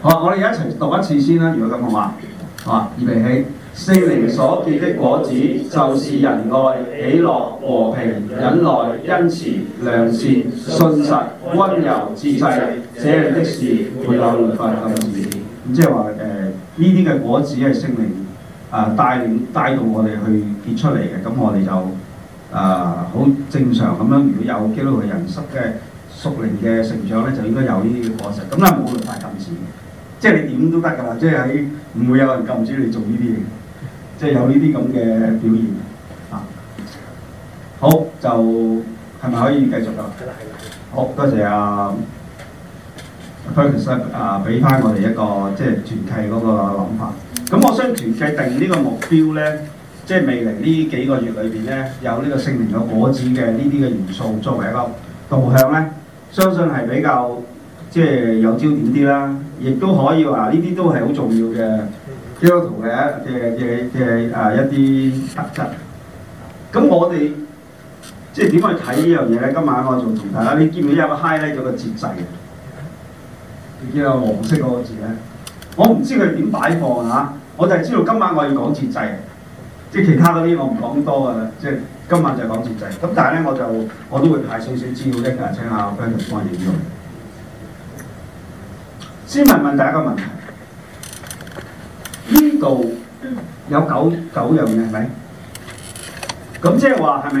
好，我哋一齊讀一次先啦。如果咁嘅話，好啊！預備起，聖靈所結的果子就是仁愛、喜樂、和平、忍耐、恩慈、良善、信實、温實柔、節制。這樣的事沒有律法禁止。咁、嗯、即係話誒，呢啲嘅果子係聖靈啊帶領帶到我哋去結出嚟嘅。咁我哋就啊好、呃、正常咁樣。如果有基督嘅人士嘅屬靈嘅成長咧，就應該有呢啲嘅果實。咁咧，冇律法禁止。即係你點都得㗎啦！即係喺唔會有人禁止你做呢啲嘢，即係有呢啲咁嘅表現啊。好就係咪可以繼續㗎？係啦係啦。好，多謝啊 Professor 啊，俾、uh, 翻、uh, 我哋一個即係團契嗰個諗法。咁我相信團契定呢個目標咧，即係未來呢幾個月裏邊咧，有呢個聖靈嘅果子嘅呢啲嘅元素作為一個導向咧，相信係比較即係有焦點啲啦。亦都可以話呢啲都係好重要嘅基督徒嘅嘅嘅嘅啊一啲特質。咁我哋即係點去睇呢樣嘢咧？今晚我仲同大家，你見唔見有 high 一個 highlight 咗節制？見唔見有黃色嗰個字咧？我唔知佢點擺放嚇、啊，我就係知道今晚我要講節制，即係其他嗰啲我唔講多噶啦。即係今晚就係講節制。咁但係咧，我就我都會派少少資料一陣聽下我 friend 同我影用。先問問第一個問題，呢度有九九樣嘢係咪？咁即係話係咪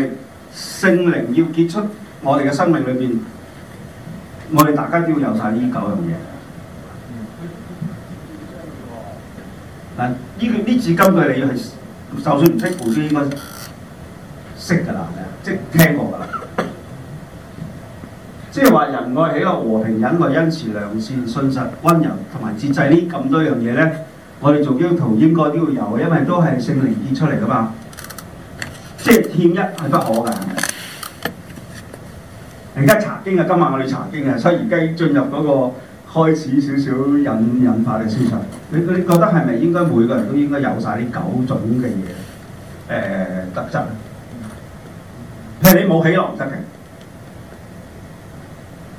聖靈要結出我哋嘅生命裏邊，我哋大家都要有晒呢九樣嘢。嗱，呢個呢次金句你係就算唔識讀書應該識噶啦，係咪？即係聽過噶啦。即係話仁愛、喜樂、和平、忍耐、恩慈、良善、信實、溫柔同埋節制呢咁多樣嘢咧，我哋做基督徒應該都要有，因為都係聖靈結出嚟噶嘛。即係欠一係不可㗎。而家查經啊，今晚我哋查經啊，所以而家進入嗰個開始少少引引發嘅思想。你你覺得係咪應該每個人都應該有晒啲九種嘅嘢？誒，特質。譬如你冇喜樂唔得嘅。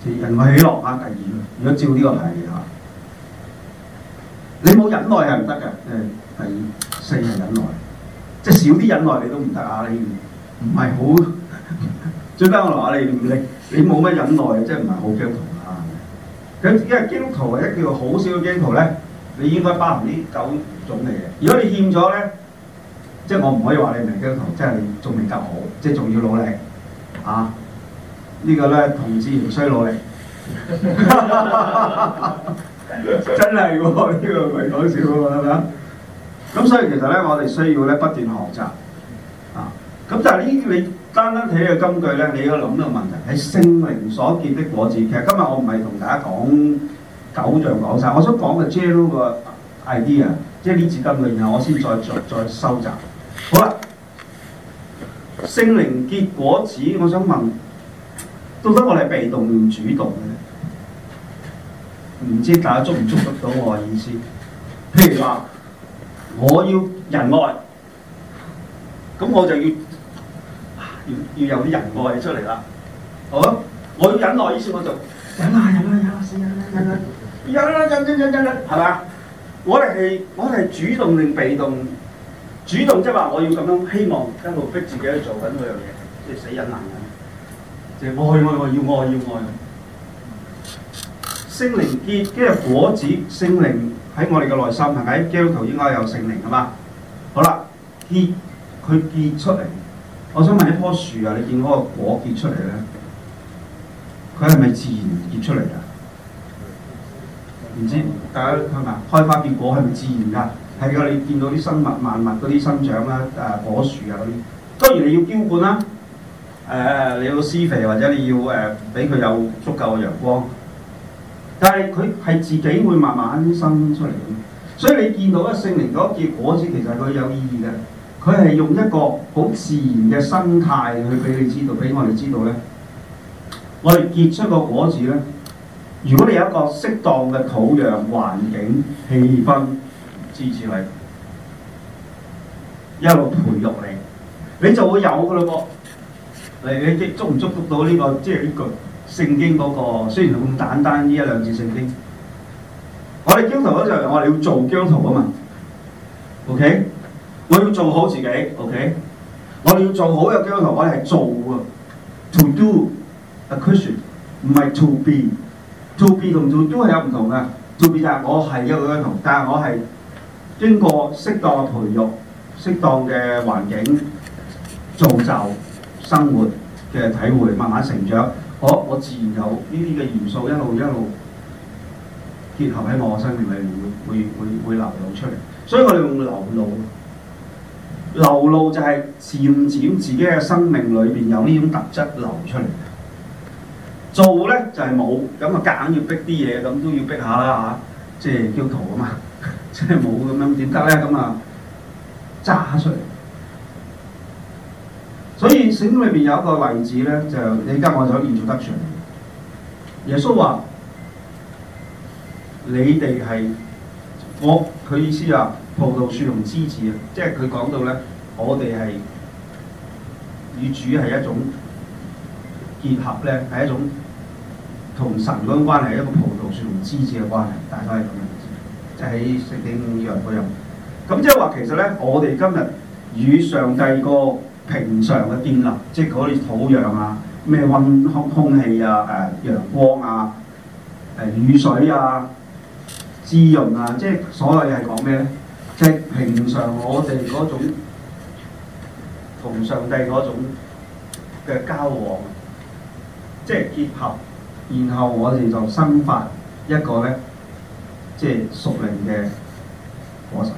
仁愛、喜樂嚇，第二。如果照呢個排列嚇，你冇忍耐係唔得嘅。誒，第四係忍耐，即係少啲忍耐你都唔得 啊！你唔係好，最緊我話你，你你你冇乜忍耐，即係唔係好基督徒啊？咁因為基督徒咧，或者叫做好少嘅基督徒咧，你應該包含啲九種嘅嘢。如果你欠咗咧，即係我唔可以話你唔係基督徒，即係你仲未夠好，即係仲要努力啊！個呢個咧，同志唔需要努力， 真係喎、啊！呢、這個唔係講笑啊嘛，咁所以其實咧，我哋需要咧不斷學習啊。咁但係呢，你單單睇嘅金句咧，你要諗到個問題喺聖靈所結的果子。其實今日我唔係同大家講九樣講晒。我想講嘅 j u n 個 idea，即係呢支金句，然後我先再再收集。好啦，聖靈結果子，我想問。到底我係被動定主動嘅？唔知大家捉唔捉得到我嘅意思？譬如話，我要仁愛，咁我就要要要有啲仁愛出嚟啦，係嘛？我要忍耐，於是我就忍啦，忍啦，忍啦，忍啦，忍啦，忍啦，忍忍忍忍，係嘛？我哋係我哋係主動定被動？主動即係話我要咁樣，希望一路逼自己去做緊嗰樣嘢，即係死忍耐。即係愛愛要愛要愛。聖靈結，跟住果子聖靈喺我哋嘅內心，係咪？基督徒應該有聖靈啊嘛。好啦，結佢結出嚟。我想問一棵樹啊，你見嗰個果結出嚟咧，佢係咪自然結出嚟㗎？唔知大家係咪？開花結果係咪自然㗎？係㗎，你見到啲生物萬物嗰啲生長啦，誒果樹啊嗰啲，當然你要澆灌啦。誒、呃、你要施肥，或者你要誒俾佢有足夠嘅陽光，但係佢係自己會慢慢生出嚟嘅。所以你見到一聖靈結果子，其實佢有意義嘅。佢係用一個好自然嘅心態去俾你知道，俾我哋知道咧，我哋結出個果子咧。如果你有一個適當嘅土壤環境、氣氛支持你，一路培育你，你就會有嘅嘞噃。你你捉唔捉得到呢個？即係呢句聖經嗰個，雖然咁簡單，呢一兩字聖經。我哋基督徒就係，我哋要做基督徒啊嘛。OK，我要做好自己。OK，我哋要做好一個基督徒，我哋係做啊。To do a Christian，唔係 to be。To be 同 to do 係有唔同嘅。To be 就係我係一個基督徒，但係我係經過適當嘅培育、適當嘅環境造就。生活嘅體會，慢慢成長，我我自然有呢啲嘅元素，一路一路結合喺我生命裏面，會會會會流露出嚟。所以我哋用流露，流露就係漸漸自己嘅生命裏邊有呢種特質流出嚟。做咧就係、是、冇，咁啊夾硬要逼啲嘢，咁都要逼下啦嚇、啊，即係叫徒啊嘛，即係冇咁樣點得咧，咁啊揸出嚟。所以聖經裏面有一個例子呢，就你跟我就可以做得上。耶穌話：你哋係我佢意思啊，葡萄樹同枝子啊，即係佢講到咧，我哋係與主係一種結合咧，係一種同神嗰種關係，一個葡萄樹同枝子嘅關係，大概係咁樣，就係聖經嗰樣。咁即係話其實咧，我哋今日與上帝個平常嘅建立，即係嗰啲土壤啊、咩溫空空氣啊、誒陽光啊、誒雨水啊、滋潤啊，即係所謂係講咩咧？即係平常我哋嗰種同上帝嗰種嘅交往，即係結合，然後我哋就生發一個咧，即係屬靈嘅果實。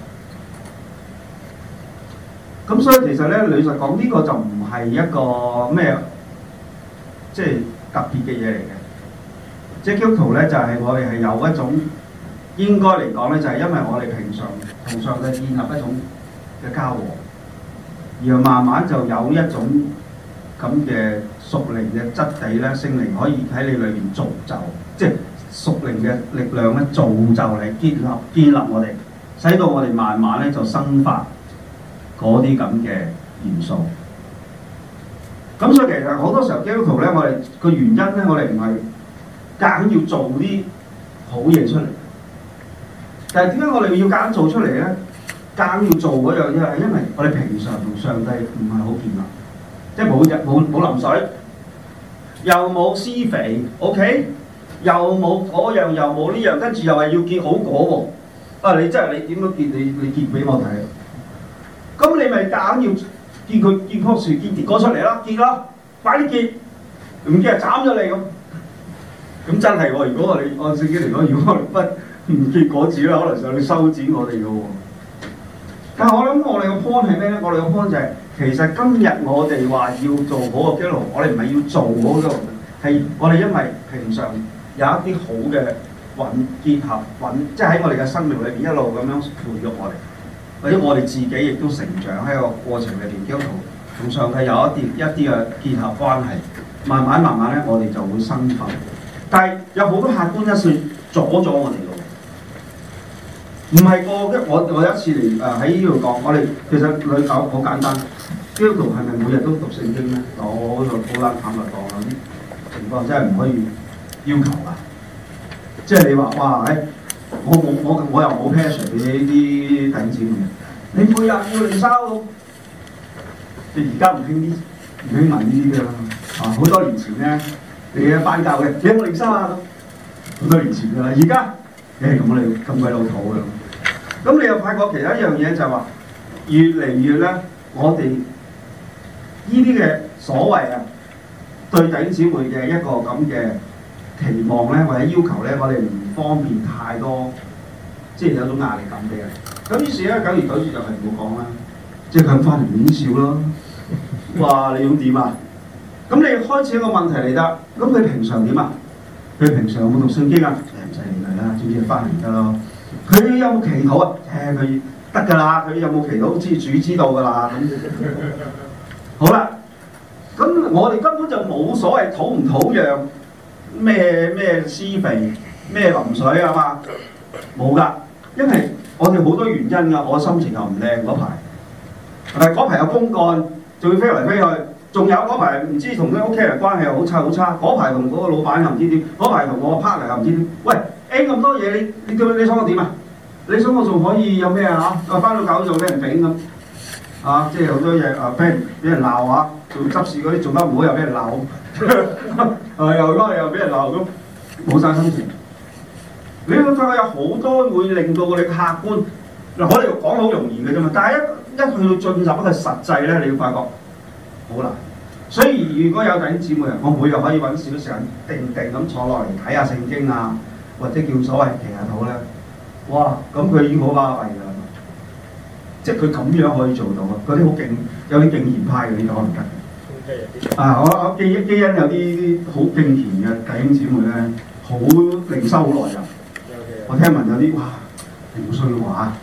咁所以其實咧，女神講呢個就唔係一個咩，即係特別嘅嘢嚟嘅。即係呢幅圖咧，就係、是、我哋係有一種，應該嚟講咧，就係因為我哋平常平常嘅建立一種嘅交往，而慢慢就有一種咁嘅屬靈嘅質地咧，聖靈可以喺你裏面造就，即係屬靈嘅力量咧，造就嚟建立建立我哋，使到我哋慢慢咧就生發。嗰啲咁嘅元素，咁所以其實好多時候基督徒咧，我哋個原因咧，我哋唔係夾硬要做啲好嘢出嚟。但係點解我哋要夾硬做出嚟咧？夾硬要做嗰樣嘢係因為我哋平常同上帝唔係好建立，即係冇日冇冇淋水，又冇施肥，OK，又冇嗰樣又冇呢樣，跟住又係要結好果喎。啊，你真係你點樣結？你你結俾我睇？咁你咪砍要見佢見棵樹見結果出嚟咯，結咯，快啲結，唔知係斬咗你咁。咁真係喎，如果我哋按自己嚟講，如果我哋不唔結果子咧，可能就去修剪我哋嘅喎。但係我諗我哋嘅 point 係咩咧？我哋嘅 point 就係其實今日我哋話要做好個基佬，我哋唔係要做好基佬，係我哋因為平常有一啲好嘅運結合運，即係喺我哋嘅生命裏邊一路咁樣培育我哋。 或者我哋自己亦都成長喺個過程裏邊，基督徒同上帝有一啲一啲嘅結合關係，慢慢慢慢咧，我哋就會生根。但係有好多客觀因素阻咗我哋喎，唔係個一我我有一次嚟誒喺呢度講，我哋其實女教好簡單，基督徒係咪每日都讀聖經咧？我個好冷坦白講，有啲情況真係唔可以要求啊。即係你話哇誒～我冇我我又冇 passion 你，呢啲弟姊妹，你每日要零收，你而家唔興啲唔興問呢啲嘅啊！好多年前咧，你嘅拜教嘅，你有冇零收啊？好多年前噶啦，而家你唉咁你咁鬼老土啊！咁你又發覺其他一樣嘢就話越嚟越咧，我哋呢啲嘅所謂啊，對弟姊妹嘅一個咁嘅。期望咧或者要求咧，我哋唔方便太多，即係有種壓力感嘅。咁於是咧，久而久之就係唔好講啦，即係佢翻嚟面笑咯。哇！你用點啊？咁你開始一個問題嚟得，咁佢平常點啊？佢平常有冇讀聖經啊？你唔使嚟佢啦，知唔知翻嚟得咯。佢有冇祈禱啊？誒、哎，佢得㗎啦。佢有冇祈禱？知主知道㗎啦。咁好啦。咁我哋根本就冇所謂討唔討讓。咩咩，施肥，咩淋水啊嘛，冇噶，因為我哋好多原因噶，我心情又唔靚嗰排，係咪？嗰排有公幹，仲要飛嚟飛去，仲有嗰排唔知同啲屋企人關係好差好差，嗰排同嗰個老闆又唔知點，嗰排同我 partner 又唔知點，喂，A 咁、欸、多嘢你，你點，你想我點啊？你想我仲可以有咩啊？啊，翻到嚿做咩頂咁啊？即係好多嘢啊，俾人俾人鬧啊！做執事嗰啲做乜唔好，又俾人鬧，誒 又翻又俾人鬧咁，冇晒心情。呢個世界有好多會令到我哋客觀嗱，可能講好容易嘅啫嘛，但係一一去到進入一個實際咧，你要發覺好難。所以如果有弟兄姊妹啊，我每日可以揾少少時間定定咁坐落嚟睇下看看聖經啊，或者叫所謂祈下禱咧，哇！咁佢已經好巴閉㗎喇？即係佢咁樣可以做到啊！嗰啲好勁，有啲敬虔派嘅呢啲可能啊！我我基因基因有啲好勁甜嘅弟兄姊妹咧，好靈修好耐噶。我聽聞有啲哇，好衰話啊！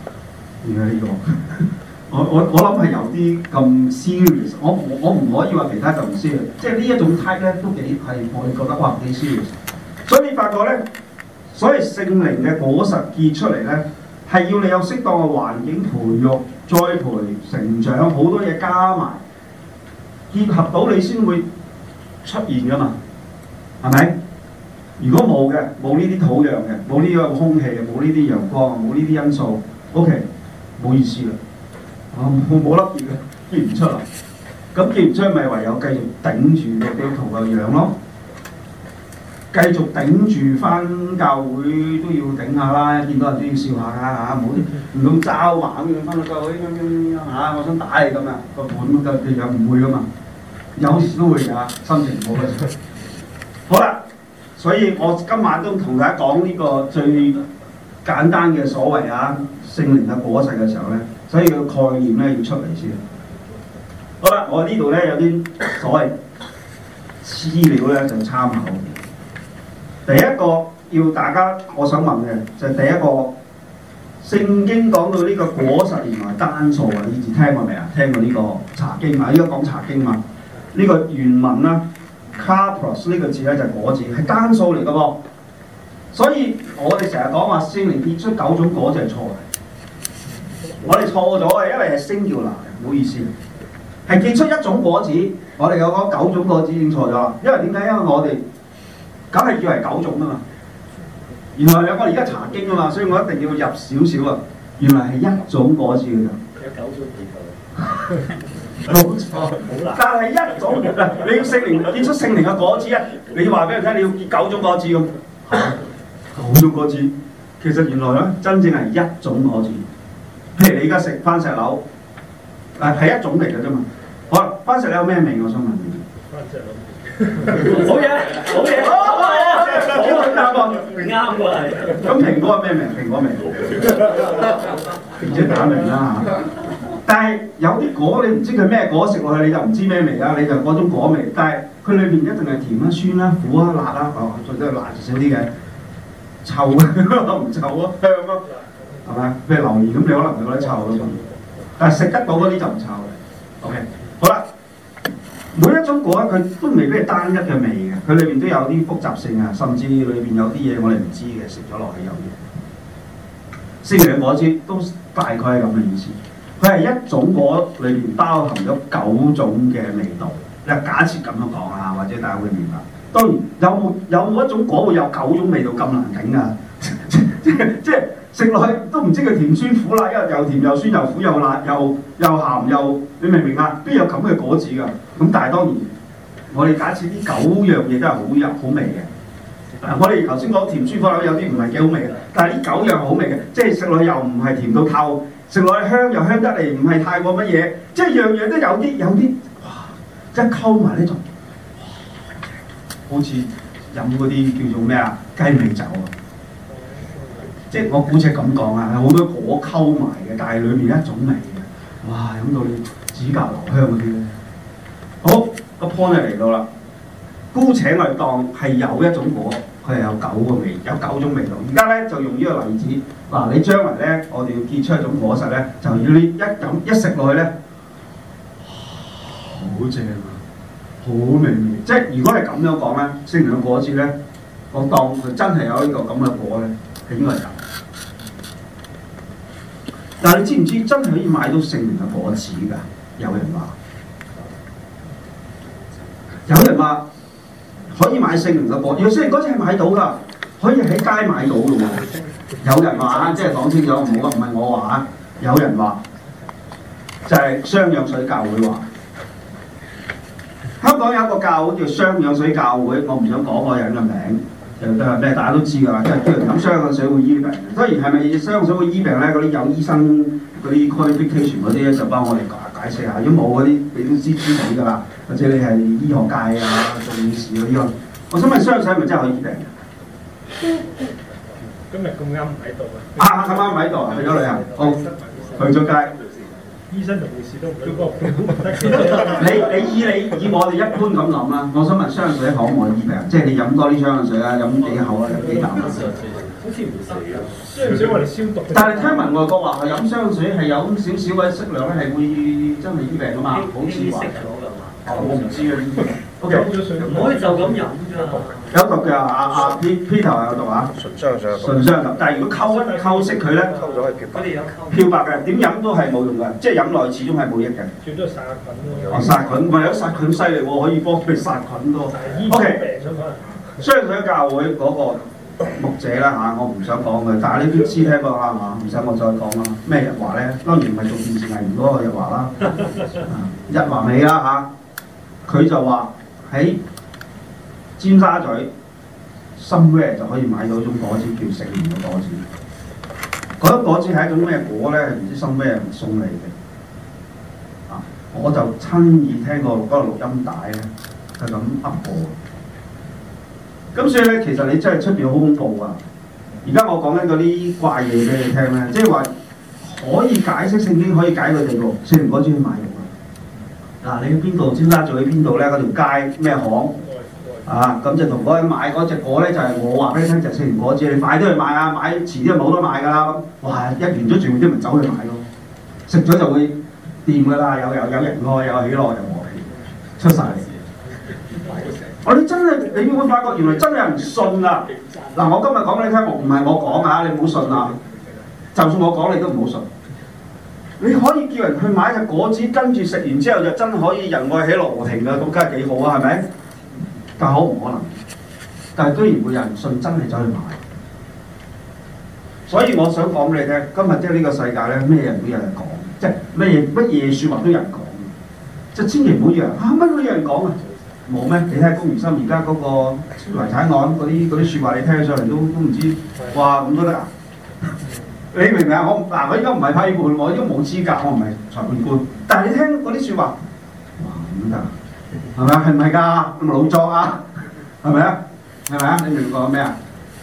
而家呢個， 我我我諗係有啲咁 serious。我我我唔可以話其他就唔 serious 即係呢一種 type 咧都幾係我哋覺得哇幾 serious 所以你發覺咧，所以聖靈嘅果實結出嚟咧，係要你有適當嘅環境培育、栽培、成長，好多嘢加埋。結合到你先會出現噶嘛，係咪？如果冇嘅，冇呢啲土壤嘅，冇呢個空氣嘅，冇呢啲陽光，冇呢啲因素，OK，冇意思嘅，我冇冇粒嘢嘅，結唔出嚟。咁結唔出咪唯有繼續頂住嘅呢個樣咯。繼續頂住翻教會都要頂下啦，見到人都要笑下噶，唔好唔通詐玩咁樣翻到教會，嚇、哎嗯啊！我想打你咁啊，個款就佢又唔會噶嘛，有時都會嚇，心情唔好嘅、啊。好啦，所以我今晚都同大家講呢個最簡單嘅所謂啊聖靈嘅果實嘅時候咧，所以個概念咧要出嚟先。好啦，我呢度咧有啲所謂資料咧就參考。第一個要大家，我想問嘅就係、是、第一個聖經講到呢個果實原來單數啊！你哋聽過未啊？聽過呢個查經啊？依家講查經嘛？呢、這個原文啦 c a r p u s 呢個字咧就果子，係單數嚟噶噃。所以我哋成日講話聖靈結出九種果子係錯嘅，我哋錯咗嘅，因為係星耀難，唔好意思，係結出一種果子，我哋有講九種果子已經錯咗啦。因為點解？因為我哋。梗係以為九種啊嘛，原來兩個人而家查經啊嘛，所以我一定要入少少啊。原來係一種果子咋，有九種味道冇錯，但係一種， 你要聖靈結出聖靈嘅果子啊。你要話俾佢聽你要結九種果子咁， 九種果子其實原來咧真正係一種果子，譬如你而家食番石榴，係、啊、一種嚟嘅啫嘛。好，番石榴有咩味我想問？好嘢，好嘢，啱啊！啱嘅係。咁案蘋果係咩味？蘋果味。唔知假味啦嚇。但係有啲果你唔知佢咩果，食落去你就唔知咩味啦，你就嗰種果味。但係佢裏邊一定係甜啦、啊、酸啦、啊、苦啦、啊、辣啦，哦，最多辣少啲嘅。臭啊？唔 臭啊？香啊？係咪啊？譬如榴蓮咁你可能覺得臭啊咁，但係食得到嗰啲就唔臭嘅。 OK，好啦。每一種果，佢都未必係單一嘅味嘅，佢裏邊都有啲複雜性啊，甚至裏邊有啲嘢我哋唔知嘅，食咗落去有嘢。聖靈嘅果子都大概係咁嘅意思，佢係一種果裏邊包含咗九種嘅味道。嗱，假設咁樣講啊，或者大家會明白。當然有冇有冇一種果會有九種味道咁難頂啊？即係即係食落去都唔知佢甜酸苦辣，一又甜又酸又苦又辣又又鹹又，你明唔明啊？邊有咁嘅果子㗎？咁但係當然，我哋假設啲九樣嘢都係好有好味嘅。嗱、啊，我哋頭先講甜豬火腩有啲唔係幾好味嘅，但係啲九樣好味嘅，即係食落又唔係甜到透，食落去香又香得嚟，唔係太過乜嘢，即係樣樣都有啲有啲，哇！一溝埋呢就，好似飲嗰啲叫做咩啊，雞尾酒啊，即係我估係咁講啊，好多果溝埋嘅，但係裡面一種味嘅，哇！飲到你指甲留香嗰啲咧～好個 point 就嚟到啦，姑且我哋當係有一種果，佢係有九個味，有九種味道。而家咧就用呢個例子，嗱、啊、你將來咧，我哋要結出一種果實咧，就要你一飲一食落去咧，好正、啊，好美味。即係如果係咁樣講咧，聖靈嘅果子咧，我當佢真係有個樣呢個咁嘅果咧，係應該有。但係你知唔知真係可以買到聖靈嘅果子㗎？有人話。有人話可以買聖靈嘅波，若聖靈嗰隻係買到㗎，可以喺街買到咯喎。有人話啊，即係講清楚唔好啊，唔係我話，有人話就係雙氧水教會話，香港有一個教會叫雙氧水教會，我唔想講嗰個名，大家都知㗎啦，即係專飲雙氧水會醫病。當然係咪雙氧水會醫病咧，嗰啲有醫生嗰啲 qualification 嗰啲就幫我哋解解釋下，如果冇嗰啲你都知道知底㗎啦。或者你係醫學界啊，做護士嗰啲咯。我想問雙水係咪真係可以醫病？今日咁啱唔喺度啊！啊咁啱唔喺度啊？去咗旅行，好去咗街。醫生同護士都唔過，你你以你以我哋一般咁諗啦。我想問雙水可唔可以醫病？即係你飲多啲雙水啊，飲幾口啊，飲幾啖啊？好似唔會死啊！唔想我哋消毒。 但係聽聞外國話係飲雙水係有少少嘅適量咧，係會真係醫病噶嘛？好似話。我唔知啊，O K，唔可以就咁飲㗎，有毒嘅啊啊 P P 頭有毒啊，純粹毒，但係如果溝一溝熄佢咧，漂白，佢哋有溝嘅，點飲都係冇用㗎，即係飲耐始終係冇益嘅。轉咗殺菌㗎，殺菌，唯有殺菌犀利我可以幫佢殺菌都。O K，相信教會嗰個牧者啦嚇，我唔想講佢，但係呢啲知聽㗎啦嘛，唔使我再講啦。咩日華呢？當然唔係做電視藝員嗰個日華啦，日華美啦嚇。佢就話喺尖沙咀 somewhere 就可以買到一種果子，叫食聖靈果子。嗰、嗰個果子係一種咩果咧？唔知送咩送嚟嘅。啊，我就親耳聽過嗰個錄音帶咧，就咁噏過。咁所以咧，其實你真係出邊好恐怖啊！而家我講緊嗰啲怪嘢俾你聽咧，即係話可以解釋聖經，可以解佢哋個聖靈果子去買。嗱、啊，你去邊度先啦？做去邊度咧？嗰條街咩行啊？咁就同嗰個買嗰隻果咧，就係、是、我話俾你聽，就食完果子，你快啲去買啊！買遲啲咪冇得買噶啦！哇，一完咗全部啲咪走去買咯，食咗就會掂噶啦，有有有仁愛，有喜樂，有和平出晒嚟，我 哋真係你會發覺，原來真係人信啊！嗱、啊，我今日講俾你聽，我唔係我講啊，你唔好信啊！就算我講你、啊，你都唔好信。你可以叫人去買隻果子，跟住食完之後就真可以仁愛喜樂和平啦！咁梗係幾好啊，係咪？但係好唔可能，但係居然會有人信，真係走去買。所以我想講俾你聽，今日即係呢個世界咧，咩人會有人講？即係咩乜嘢説話都有人講，即係千祈唔好以為啊乜都有人講啊，冇咩、啊？你睇龔如心而家嗰個遺產案嗰啲嗰啲説話，你聽咗上嚟都都唔知，哇咁都得！你明唔明啊？我嗱，我依家唔係批判我，而家冇資格，我唔係裁判官。但係你聽嗰啲説話，哇咁得，係咪啊？係唔係㗎？咁老莊啊，係咪啊？係咪啊？你明唔明講咩啊？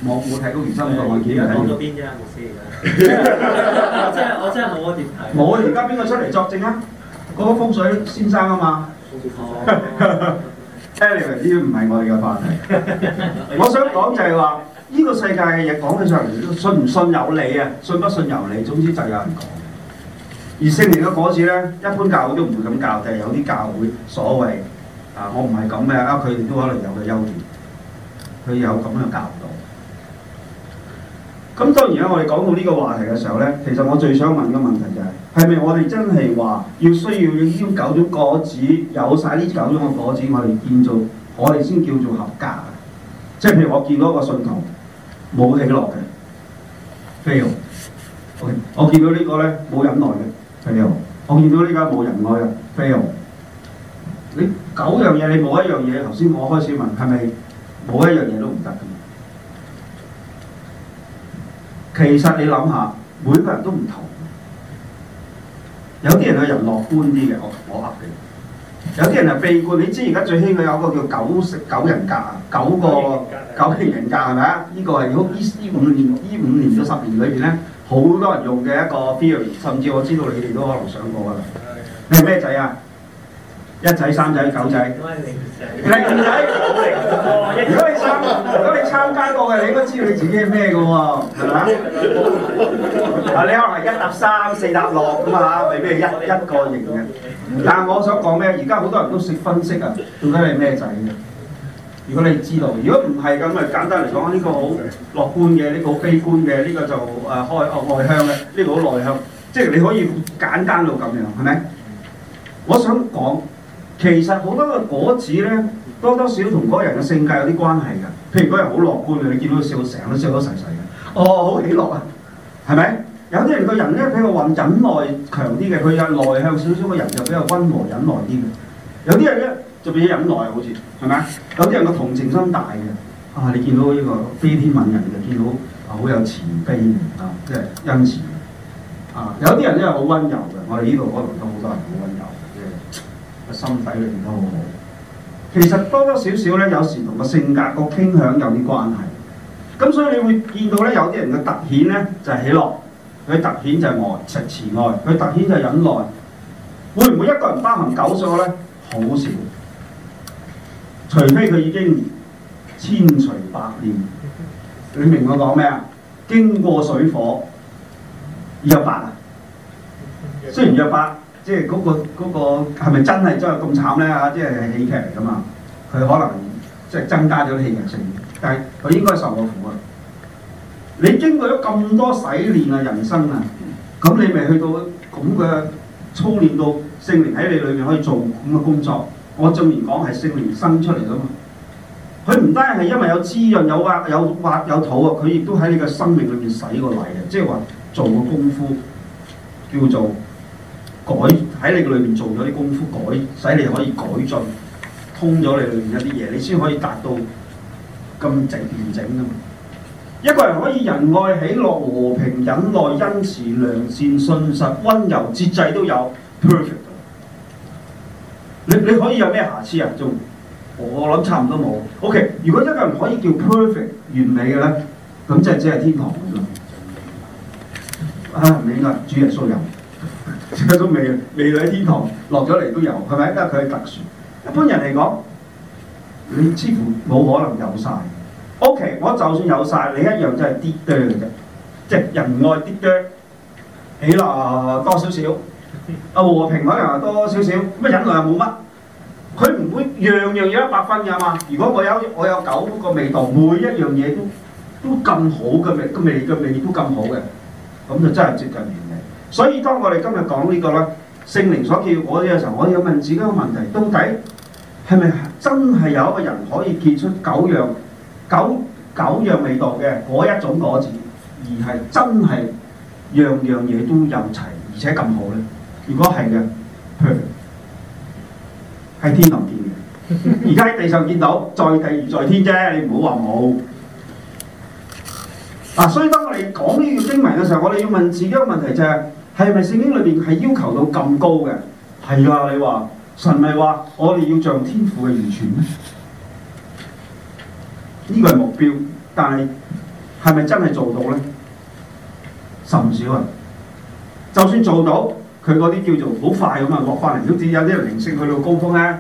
冇冇睇過原生個案件嚟睇嘅。講咗邊啫？冇事㗎。即係 我真係冇我點睇？冇，而家邊個出嚟作證啊？嗰、那個風水先生啊嘛。嘛哦。Anyway 呢啲唔係我哋嘅話題。 我想講就係話。呢個世界嘅嘢講起上嚟，信唔信由你啊？信不信由你。總之就有人講。而聖靈嘅果子咧，一般教會都唔會咁教，就係有啲教會所謂啊，我唔係咁嘅，啊佢哋都可能有個優點，佢有咁樣教導。咁當然啦，我哋講到呢個話題嘅時候咧，其實我最想問嘅問題就係：係咪我哋真係話要需要呢挑九種果子，有晒呢九種嘅果子，我哋建造，我哋先叫做合格？即係譬如我見到一個信徒。冇起落嘅 feel，OK，我見到呢個咧冇忍耐嘅 feel，我見到呢家冇忍耐嘅，feel，你九樣嘢你冇一樣嘢，頭先我開始問係咪冇一樣嘢都唔得嘅？其實你諗下，每個人都唔同，有啲人佢人樂觀啲嘅，我我合併。有啲人係備冠，你知而家最興嘅有個叫九十九人格，九個九型人格係咪啊？呢個係喐呢呢五年，呢五年到十年裏邊咧，好多人用嘅一個 theory，甚至我知道你哋都可能上過㗎啦。你係咩仔啊？一仔三仔九仔，係二仔。如果你參，如果你參加過嘅，你應該知道你自己係咩㗎喎？係咪啊？啊，你可能一搭三，四搭六咁啊，未必係一一個型嘅。但係我想講咩？而家好多人都識分析啊，到底係咩仔嘅？如果你知道，如果唔係咁啊，簡單嚟講，呢、這個好樂觀嘅，呢、這個好悲觀嘅，呢、這個就誒開外外向嘅，呢、這個好內向，即係你可以簡單到咁樣，係咪？我想講，其實好多個果子咧，多多少少同嗰人嘅性格有啲關係嘅。譬如嗰人好樂觀嘅，你見到佢笑成日都笑得細細嘅，哦好喜樂啊，係咪？有啲人嘅人咧，比如話忍耐強啲嘅，佢係內向少少嘅人，就比較溫和忍耐啲嘅。有啲人咧就比咗忍耐好似係咪啊？有啲人嘅同情心大嘅啊！你見到呢個飛天文人就見到啊好有慈悲啊，即係恩慈啊！有啲人咧係好溫柔嘅，我哋呢度可能都好多人好溫柔嘅，即係個心底裏面都好好。其實多多少少咧，有時同個性格個傾向有啲關係。咁所以你會見到咧，有啲人嘅特顯咧就係、是、喜樂。佢特顯就係愛，食慈愛；佢特顯就係忍耐。會唔會一個人包含九數咧？好少，除非佢已經千錘百煉。你明我講咩啊？經過水火，約伯啊。雖然約伯，即係嗰個嗰個係咪真係真係咁慘咧嚇？即係喜劇嚟㗎嘛。佢可能即係增加咗戲劇性，但係佢應該受過苦啊。你經過咗咁多洗練啊，人生啊，咁你咪去到咁嘅操練到聖靈喺你裏面可以做咁嘅工作。我盡然講係聖靈生出嚟噶嘛，佢唔單係因為有滋潤、有挖、有挖、有土啊，佢亦都喺你嘅生命裏面洗過嚟嘅，即係話做個功夫叫做改喺你裏面做咗啲功夫改，使你可以改進通咗你裏面有啲嘢，你先可以達到咁整完整啊嘛。一個人可以仁愛、喜樂、和平、忍耐、恩慈、良善、信實、溫柔、節制都有 perfect 你。你你可以有咩瑕疵啊？仲我諗差唔多冇。OK，如果一個人可以叫 perfect 完美嘅咧，咁真係只係天堂嘅啫。啊，你話主耶穌有，嗰都未未來天堂落咗嚟都有，係咪？因為佢係特殊，一般人嚟講，你似乎冇可能有晒。O.K. 我就算有曬，你一樣都係跌嘅啫，即係仁愛跌嘅喜樂，多少少啊，和平可能多少少，乜忍耐又冇乜，佢唔會樣樣有一百分嘅係嘛？如果我有我有九個味道，每一樣嘢都都咁好嘅味，個味嘅味都咁好嘅，咁就真係接近完美。所以當我哋今日講呢個咧，聖靈所叫我嘅時候，我有問自己個問題：到底係咪真係有一個人可以結出九樣？九九樣味道嘅嗰一種果子，而係真係樣樣嘢都有齊，而且咁好咧。如果係嘅，係 Perfect. 天堂見嘅。而家喺地上見到，在地而在天啫，你唔好話冇。嗱、啊，所以當我哋講呢個經文嘅時候，我哋要問自己一個問題、就是，就係係咪聖經裏邊係要求到咁高嘅？係啊，你話神咪話我哋要像天父嘅完全咩？呢個係目標，但係係咪真係做到咧？甚少啊！就算做到，佢嗰啲叫做好快咁啊，落翻嚟。即使有啲人零星去到高峰咧、啊，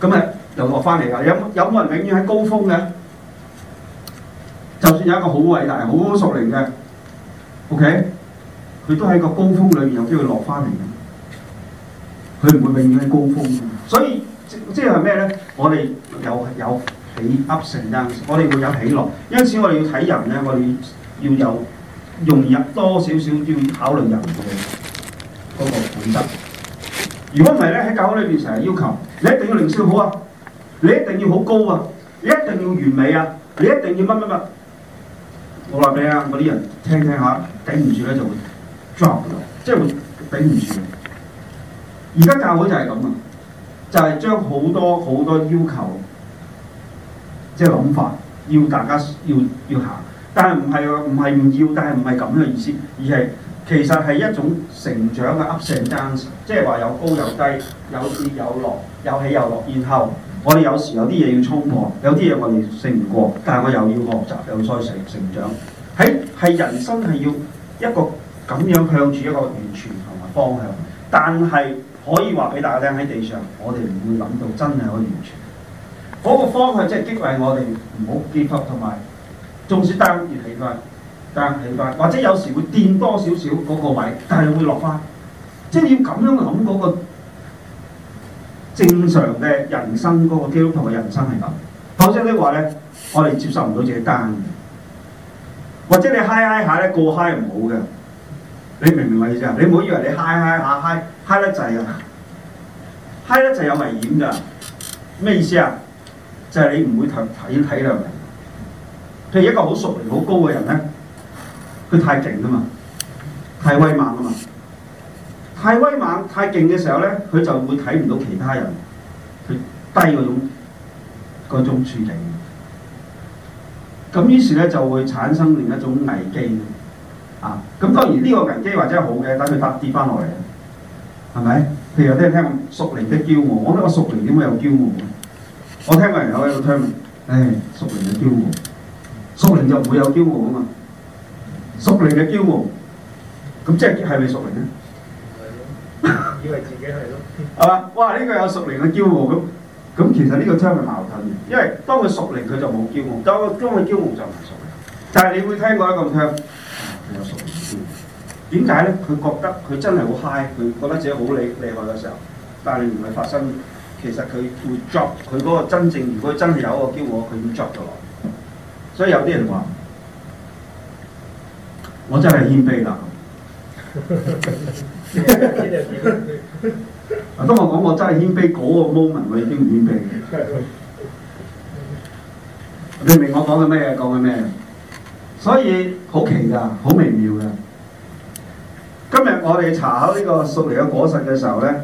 咁咪又落翻嚟噶。有有冇人永遠喺高峰嘅、啊？就算有一個好偉大、好熟練嘅，OK，佢都喺個高峰裏面有機峰、啊是是有，有機會落翻嚟嘅。佢唔會永遠喺高峰，所以即係咩咧？我哋有有。起 up sing 啦，我哋會有喜樂，因此我哋要睇人咧，我哋要有融入多少少要考慮人嘅嗰個本質。如果唔係咧，喺教會裏邊成日要求你一定要靈修好啊，你一定要好高啊，你一定要完美啊，你一定要乜乜乜，我話俾啊我啲人聽，聽下，頂唔住咧就會 drop 落，即係會頂唔住。而家教會就係咁啊，就係將好多好多要求。即係諗法，要大家要要行，但係唔係唔係唔要，但係唔係咁嘅意思，而係其實係一種成長嘅，up and down 即係話有高有低，有跌有落，有起有落。然後我哋有時有啲嘢要衝破，有啲嘢我哋勝唔過，但係我又要學習，又再成成長。喺係人生係要一個咁樣向住一個完全同埋方向，但係可以話俾大家聽，喺地上我哋唔會諗到真係可以完全。嗰個方向即係激勵我哋唔好急急，同埋縱使單熱起翻，單起翻，或者有時會掂多少少嗰個位，但係會落翻。即係要咁樣諗嗰個正常嘅人生，嗰個基督徒嘅人生係咁。否則你話咧，我哋接受唔到自己單嘅。或者你嗨嗨下咧，過嗨唔好嘅。你明唔明我意思啊？你唔好以為你嗨嗨下嗨嗨得滯啊！嗨得滯有危險㗎。咩意思啊？即係你唔會體體諒人，譬如一個好屬靈、好高嘅人咧，佢太勁啊嘛，太威猛啊嘛，太威猛、太勁嘅時候咧，佢就會睇唔到其他人，佢低嗰種嗰種處境。咁於是咧就會產生另一種危機啊！咁當然呢個危機或者好嘅，等佢搭跌翻落嚟，係咪？譬如有啲人聽，聽屬靈的驕傲，我覺得我屬靈點會有驕傲？我聽過我一個 term 有喺度聽，誒屬靈嘅驕傲，屬靈就唔會有驕傲啊嘛，屬靈嘅驕傲，咁即係係咪屬靈咧？係咯，以為自己係咯，係嘛？ 哇！呢、這個有屬靈嘅驕傲，咁咁其實呢個真係矛盾嘅，因為當佢屬靈佢就冇驕傲，當當佢驕傲就唔屬靈。但係你會聽過一個 term，有屬靈嘅驕傲，點解咧？佢覺得佢真係好嗨，佢覺得自己好厲厲害嘅時候，但你唔係發生。其實佢會捉，佢嗰個真正，如果真係有一個機會，佢點捉到來？所以有啲人話：我真係謙卑㗎。啊，當我講我真係謙卑嗰、嗰個 moment，我已經唔謙卑 你明我講緊咩？講緊咩？所以好奇㗎，好微妙㗎。今日我哋查下呢個樹嚟嘅果實嘅時候咧，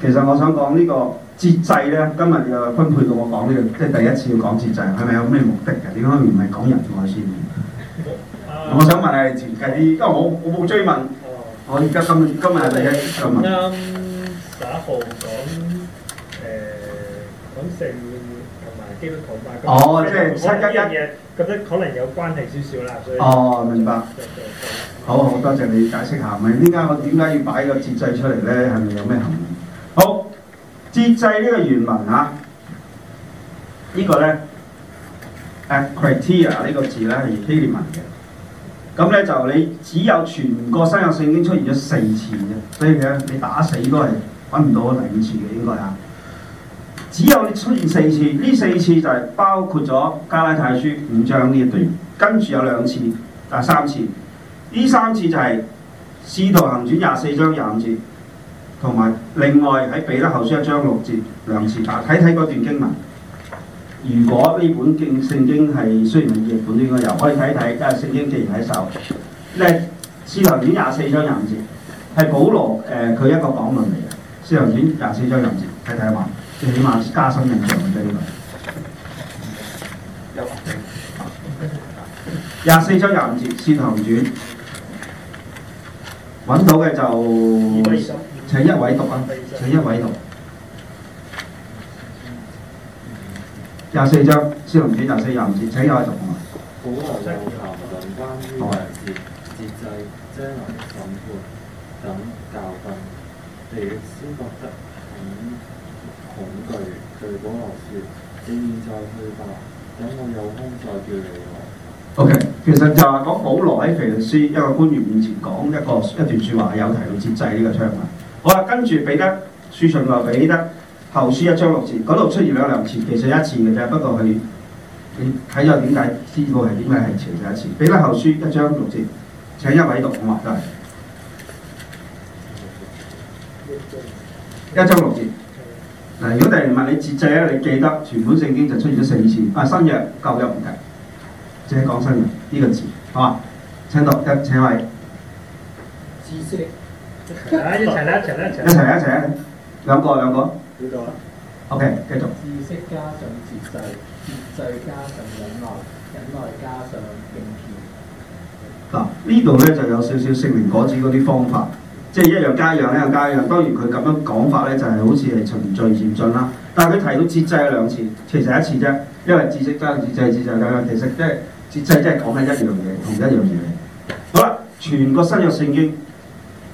其實我想講呢、呢個。節制咧，今日又分配到我講呢、呢個，即係第一次要講節制，係咪有咩目的㗎？點解唔係講仁愛先、 嗯嗯？我想問係前幾，因為我我冇追問，哦、我而家今日今日係第一次問。十一號講誒講、呃、性同埋基督徒。哦，即係七一一，覺得可能有關係少少啦，所以哦，明白。嗯、好，好。多謝你解釋下，唔係點解我點解要擺個節制，制，制出嚟咧？係咪有咩含義？節制呢個原文嚇，這個、呢個咧，criteria 呢個字咧係希臘文嘅，咁咧就你只有全個新約聖經出現咗四次嘅，所以咧你打死都係揾唔到第五次嘅應該啊，只有出現四次，呢四次就係包括咗加拉太書五章呢一段，跟住有兩次，第三次，呢三次就係使徒行傳廿四章廿五節。同埋另外喺彼得後書一章六節兩次，啊睇睇嗰段經文。如果呢本經聖經係雖然係譯本啲，我又可以睇睇。啊聖經既然喺手，咧使徒行傳廿四章廿五節係保羅誒佢、呃、一個講論嚟嘅。使徒行傳廿四章廿五節睇睇嘛，最起碼加深印象嘅呢個。廿四章廿五節使徒行傳揾到嘅就。 請一位讀啊！請一位讀廿四章《詩龍卷》廿四廿五節。請一位讀啊！保羅又談論關於節節制審、將來審判等教訓，地獄先覺得很恐恐懼。對保羅說：你現在去吧，等我有空再叫你來。O.K.，其實就係、是、講保羅喺腓力斯一個官員面前講一個、嗯、一段説話，有提到節制呢個章文。好啊，跟住彼得書信內彼得後書一章六字，嗰度出現兩兩次，其實一次嘅啫。不過佢你睇咗點解，知道係點解係出現一次？彼得後書一章六字，請一位讀，我話真係一章六字嗱。如果第日問你節制咧，你記得全本聖經就出現咗四次。啊，新約舊約唔提，只講新約呢個字，好嘛？請讀一請位。一齊啦，一齊啦，一齊啦，一齊一齊啦，兩個兩個，到咗啦。OK，繼續。知識加上節制，節制加上忍耐，忍耐加上敬虔。嗱，呢度咧就有少少聖靈果子嗰啲方法，即係一樣加一樣，一樣加一樣。當然佢咁樣講法咧，就係、是、好似係循序漸進啦。但係佢提到節制咗兩次，其實一次啫，因為知識加上節制，節制咁樣其實即係節制，即係講緊一樣嘢，同一樣嘢。好啦，全個新約聖經。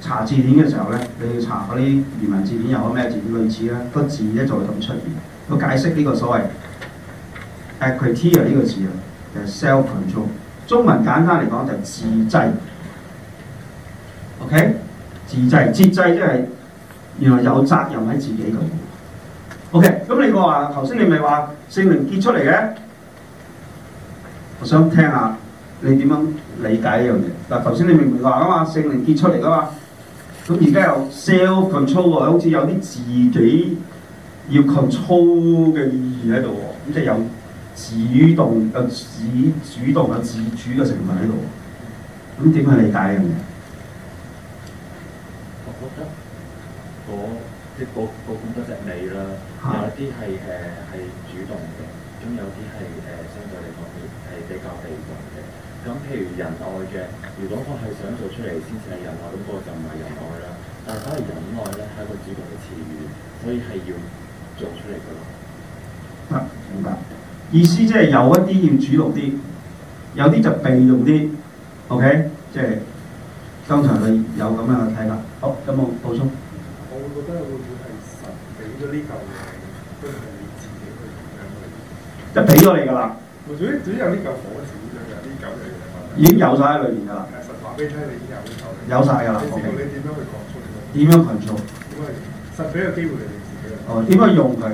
查字典嘅時候咧，你要查嗰啲原文字典又好咩字典，類似咧，個字咧就會咁出現。佢解釋呢個所謂 equity 呢個字啊，就 self-control，中文簡單嚟講就係自制，OK？自制，節制即係原來有責任喺自己度。OK？咁你話頭先你咪話聖靈結出嚟嘅，我想聽下你點樣理解呢樣嘢。嗱，頭先你明明話噶嘛，聖靈結出嚟噶嘛。咁而家又 self control 喎，好似有啲自己要 control 嘅意義喺度喎，咁即係有主動、嘅主、主動、有自主嘅成分喺度。咁點樣理解嘅？我覺得嗰即係嗰咁多隻你啦，有一啲係誒係主動嘅，咁有啲係誒相對嚟講係比較配咁譬如仁愛嘅，如果我係想做出嚟先至係仁愛，咁個就唔係仁愛啦。但係反而忍耐咧係一個主動嘅詞語，所以係要做出嚟嘅啦。明白。意思即係有一啲要主動啲，有啲就備用啲。OK，即係剛才你有咁樣嘅睇法。好，咁我補充。我會覺得會唔會係神俾咗呢嚿嘢都係你自己去。即係俾咗你㗎啦。我最主要有呢嚿火。已經有晒喺裏面噶啦。實話俾你聽，你已經有曬。有曬噶啦。你點樣去講出嚟？點樣 control？實俾個機會你哋。自己哦，點樣用佢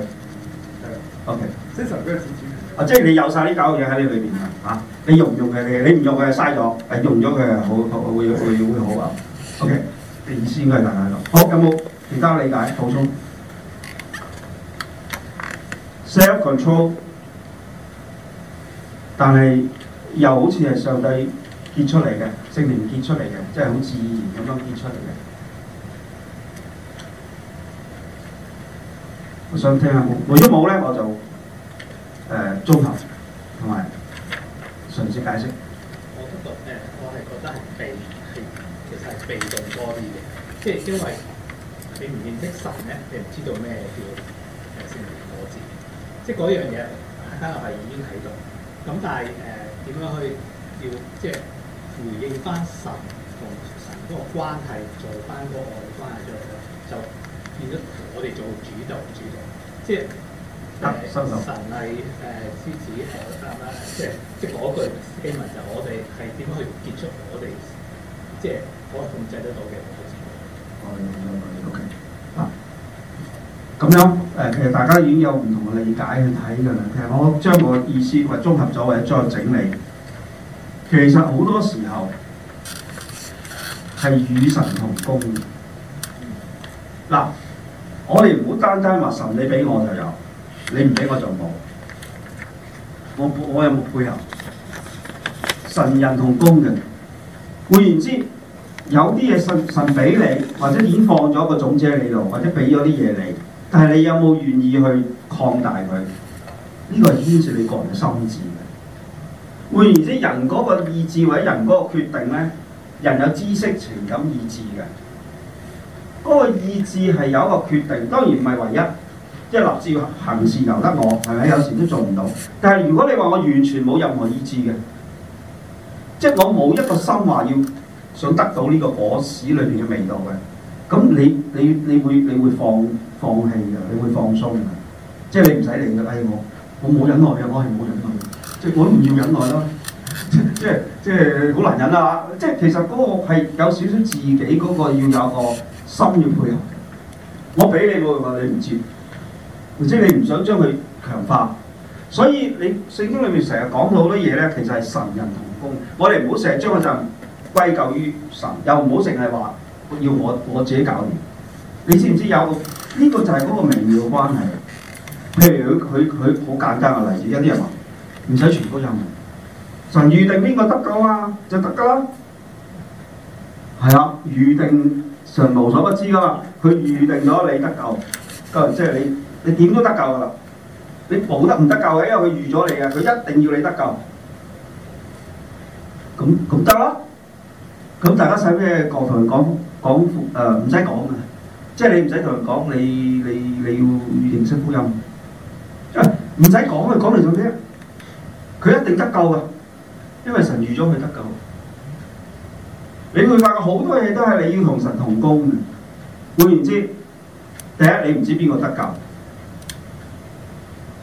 ？O K。即係實俾個指點。啊，即係你有晒呢九個嘢喺你裏面嘅嚇，你用唔用佢，你唔用佢嘥咗，誒用咗佢好會會會好啊。O K，嘅意思應該係咁解咯。好，有冇其他理解補充？Self control，但係。又好似係上帝結出嚟嘅，聖靈結出嚟嘅，即係好似自然咁樣結出嚟嘅。我想聽下冇，如冇咧，我就誒綜合同埋純粹解釋。我覺得誒、呃，我係覺得係被其實係被動多啲嘅，即係因為你唔認識神咧，你唔知道咩叫聖靈果子，即係嗰樣嘢大家係已經喺度。咁但係誒。呃點樣去要即係回應翻神同神嗰個關係，做翻嗰個愛嘅關係之後咧，就變咗我哋做主導主，欸啊、導，即係神係誒獅子，係咪啊？即係即係嗰句希文就我哋係點去結束我哋，即係可以控制得到嘅我我咁樣誒，其實大家已經有唔同嘅理解去睇㗎啦。其實我將我意思或綜合咗，或者再整理。其實好多時候係與神同工嘅。嗱，我哋唔好單單話神，你畀我就有，你唔畀我就冇。我我有冇配合？神人同工嘅。換言之，有啲嘢神神俾你，或者已經放咗個種子喺你度，或者俾咗啲嘢你。但係你有冇願意去擴大佢？呢個已經是你個人心智嘅。換言之，人嗰個意志或者人嗰個決定咧，人有知識、情感、意志嘅。嗰個意志係有一個決定，當然唔係唯一，即係立志要行事由得我係咪？有時都做唔到。但係如果你話我完全冇任何意志嘅，即係我冇一個心話要想得到呢個果子裏面嘅味道嘅，咁你你你會你會放？放棄㗎，你會放鬆㗎，即係你唔使嚟㗎。哎我，我冇忍耐㗎，我係冇忍耐，即係我唔要忍耐啦。即係即係好難忍啦、啊、即係其實嗰個係有少少自己嗰個要有一個心要配合。我俾你喎，你唔知，或者你唔想將佢強化，所以你聖經裏面成日講好多嘢咧，其實係神人同工。我哋唔好成日將佢就歸咎於神，又唔好成日話要我我自己搞掂。你知唔知有？呢個就係嗰個微妙嘅關係，譬如佢佢好簡單嘅例子，有啲人話唔使全部入，神預定邊個得救啊，就得㗎啦。係啊，預定神無所不知㗎嘛，佢預定咗你得救，即係你你點都得救㗎啦，你保得唔得救嘅？因為佢預咗你啊，佢一定要你得救，咁咁得啦。咁大家使咩講神講講誒唔使講啊？即係你唔使同人講，你你你要認識福音，唔使講啊，佢講嚟做咩？佢一定得救嘅，因為神預咗佢得救。你會發覺好多嘢都係你要同神同工嘅。換言之，第一你唔知邊個得救，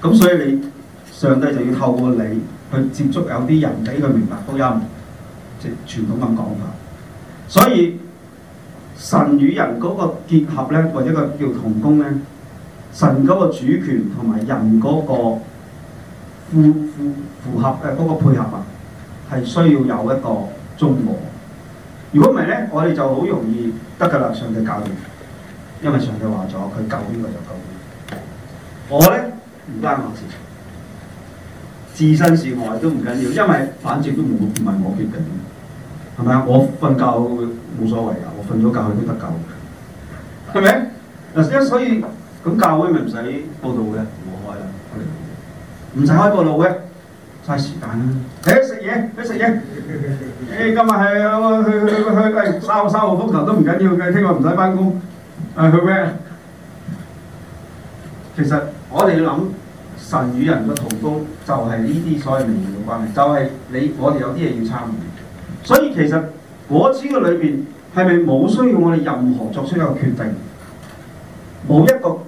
咁所以你上帝就要透過你去接觸有啲人，俾佢明白福音，即係傳統咁講法。所以。神與人嗰個結合咧，或者個叫同工咧，神嗰個主權同埋人嗰個符符符合嘅嗰個配合啊，係需要有一個中和。如果唔係咧，我哋就好容易得個律上帝教導，因為上帝話咗：佢救邊個就救邊個。我咧唔關我事，置身事外都唔緊要，因為反正都唔唔係我決定，係咪啊？我瞓覺冇所謂啊！瞓咗覺佢都得救，係咪是？嗱，所以咁教會咪唔使佈道嘅，唔開啦，唔使開佈道會嘅，嘥時間啦、啊。誒食嘢，去食嘢。誒今日係去去去去三三號風球都唔緊要嘅，聽日唔使翻工。誒去邊？其實我哋要諗神與人嘅途工，就係呢啲所謂名義嘅關係，就係你我哋有啲嘢要參與。所以其實果子嘅裏邊。係咪冇需要我哋任何作出一個決定，冇一個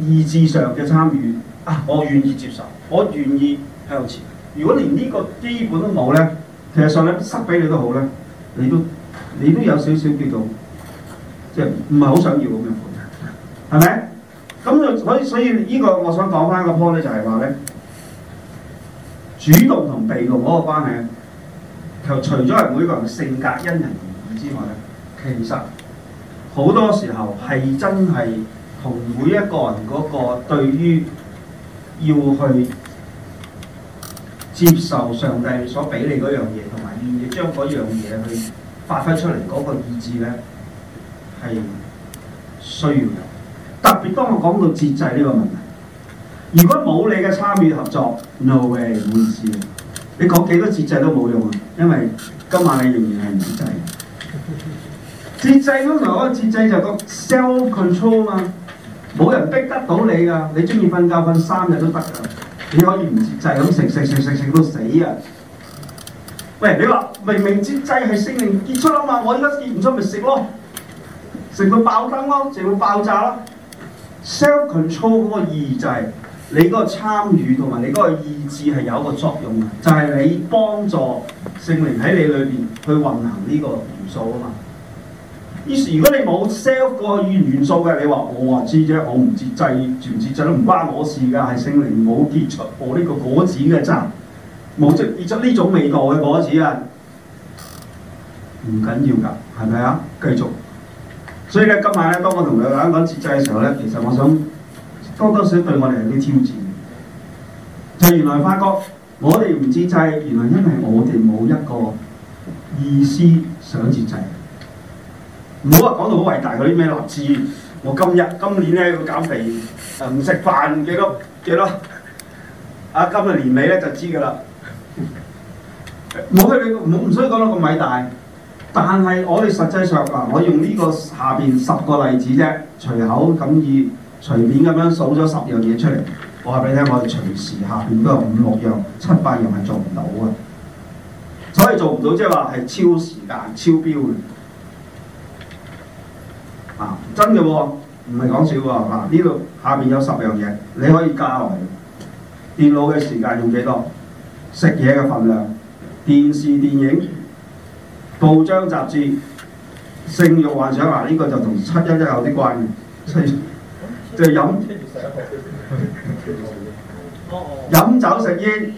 意志上嘅參與啊？我願意接受，我願意喺度存。如果連呢個基本都冇咧，其實上咧塞俾你都好咧，你都你都有少少叫做即係唔係好想要咁樣嘅，係咪？咁就所以所以呢個我想講翻個 point 咧，就係話咧主動同被動嗰個關係，其實除咗係每個人性格因人而異之外咧。其實好多時候係真係同每一個人嗰個對於要去接受上帝所俾你嗰樣嘢，同埋願意將嗰樣嘢去發揮出嚟嗰個意志咧，係需要嘅。特別當我講到節制呢個問題，如果冇你嘅參與合作，no way，唔會事嘅。你講幾多節制都冇用啊，因為今晚你仍然係唔節制。節制嗰度，我節制就係個 self control 啊嘛，冇人逼得到你㗎，你中意瞓覺瞓三日都得㗎，你可以唔節制咁食食食食食到死啊！喂，你話明明節制係聖靈結束啊嘛，我依家結唔出咪食咯，食到爆燈咯，就會爆炸咯！self control 嗰個意義就係、是、你嗰個參與同埋你嗰個意志係有一個作用嘅，就係、是、你幫助聖靈喺你裏邊去運行呢個元素啊嘛。於是如果你冇 sell 嗰個語言元素嘅，你話我話知啫，我唔節制，全唔節制都唔關我的事㗎，係聖靈冇結出我呢個果子嘅質，冇即係結出呢種味道嘅果子啊，唔緊要㗎，係咪啊？繼續。所以咧，今晚咧，當我同你講講節制嘅時候咧，其實我想多多少少對我哋有啲挑戰。就原來發覺我哋唔節制，原來因為我哋冇一個意思想節制。唔好話講到好偉大嗰啲咩立志，我今日今年咧要減肥，唔食飯幾多幾多？啊，今日年尾咧就知㗎喇。我唔需要講到咁偉大，但係我哋實際上，啊，我用呢個下面十個例子啫，隨口咁以隨便咁樣數咗十樣嘢出嚟，我話俾你聽，我哋隨時下面都有五六樣、七八樣係做唔到啊，所以做唔到即係話係超時間、超標嘅。啊、真嘅、哦，唔係講笑喎。嗱、啊，呢度下邊有十樣嘢，你可以加落嚟。電腦嘅時間用幾多？食嘢嘅份量，電視電影、報章雜誌、性慾幻想。嗱、啊，呢、呢個就同七一一有啲關係。就飲、飲酒食煙、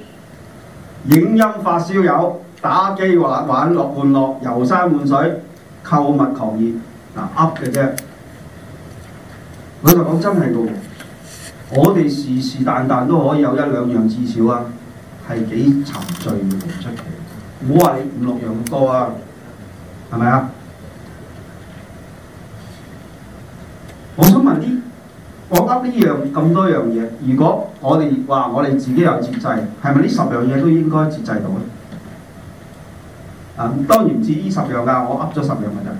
影音發燒友、打機玩玩樂玩樂、遊山玩水、購物狂熱。嗱噏嘅啫，佢、啊、就講真係噶，我哋是是但但都可以有一兩樣至少啊，係幾沉醉唔出奇。唔好話你五六樣咁多啊，係咪啊？我想問啲，我噏呢樣咁多樣嘢，如果我哋話我哋自己有節制，係咪呢十樣嘢都應該節制到咧？啊，當然至呢十樣啊，我噏咗十樣咪得？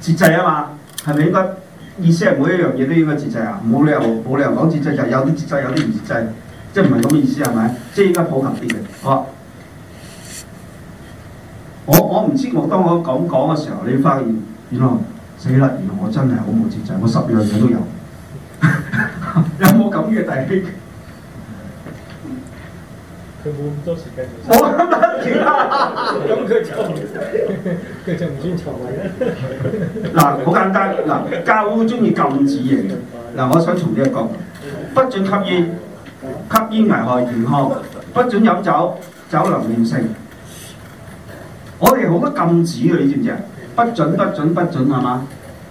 節制啊嘛，係咪應該意思係每一樣嘢都應該節制啊？冇理由冇理由講節制，就有啲節制，有啲唔節，節制，即係唔係咁嘅意思係咪？即係應該普及啲嘅。好啊，我我唔知我當我咁講嘅時候，你發現原來 you know，死啦！原來我真係好冇節制，我十樣嘢都有， 有冇咁嘅弟兄？冇咁多時間，我咁佢就佢 就唔專坐位啦。嗱，好簡單。嗱，教會中意禁止嘢嘅。嗱，我想從呢一個講，不准吸煙，吸煙危害健康；不准飲酒，酒能亂性。我哋好多禁止啊？你知唔知啊？不准，不准，不准，係嘛？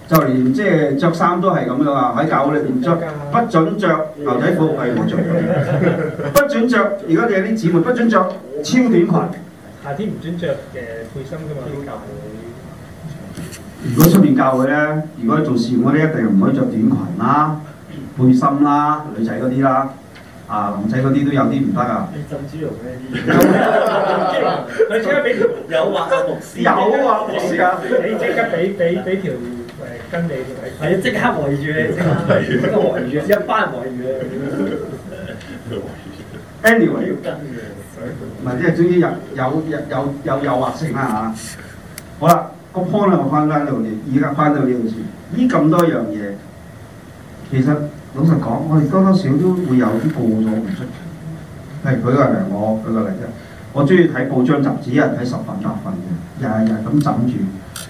就連即係著衫都係咁樣啊！喺教會裏邊著，不准着牛仔褲係唔著嘅，不准着，而家你有啲姊妹不准着超短裙。夏天唔准着嘅背心㗎嘛？如果出面教會咧，如果係做事，我哋一定唔可以着短裙啦、啊、背心啦、啊、女仔嗰啲啦，啊男仔嗰啲都有啲唔得啊。你浸豬肉嘅啲，你即刻俾佢誘惑牧師，有啊牧師啊， 你即刻俾俾俾條。 跟你係要即刻圍住你先啦，即刻圍住一班圍住。 anyway 要跟嘅，唔係即係總之有有有有有誘惑性啦嚇、啊。好啦，個 point 我翻返到呢，而家翻到呢度先，呢咁多樣嘢，其實老實講，我哋多多少少都會有啲過咗唔出。係、哎、舉個例，我舉個例啫。我中意睇報章雜誌一人睇十份八份嘅，日日咁枕住，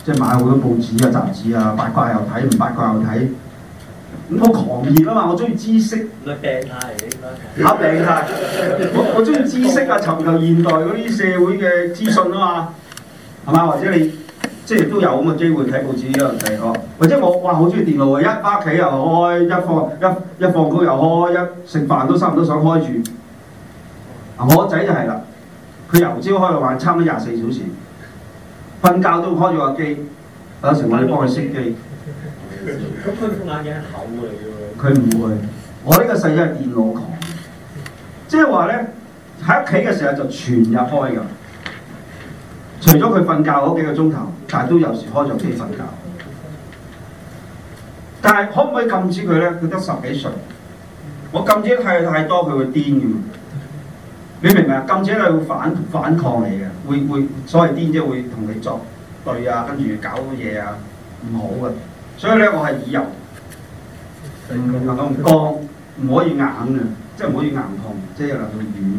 即係買好多報紙啊、雜誌啊，八卦又睇，唔八卦又睇。咁我狂熱啊嘛，我中意知識。你病態你應該。嚇病態。 我我中意知識啊，尋求現代嗰啲社會嘅資訊啊嘛。係嘛？或者你即係都有咁嘅機會睇報紙啊，睇哦。或者我哇，好中意電腦啊，一返屋企又開，一放一一放工又開，一食飯都差唔多想開住。我仔就係啦，佢由朝開到晚，差唔多廿四小時。瞓覺都要開住個機，有時我哋幫佢熄機。咁佢副眼鏡係厚嚟嘅，佢唔會，我呢個細真係電腦狂，即係話咧喺屋企嘅時候就全日開㗎。除咗佢瞓覺嗰幾個鐘頭，但係都有時開咗機瞓覺。但係可唔可以禁止佢咧？佢得十幾歲，我禁止佢太多，佢會癲嘅。你明白啊？禁止咧會反反抗你嘅，會會所謂癲啫，會同你作對啊，跟住搞嘢啊，唔好嘅、啊。所以呢，我係以柔，唔能夠剛，唔、嗯、可以硬嘅、啊，即係唔可以硬碰，即係留到軟，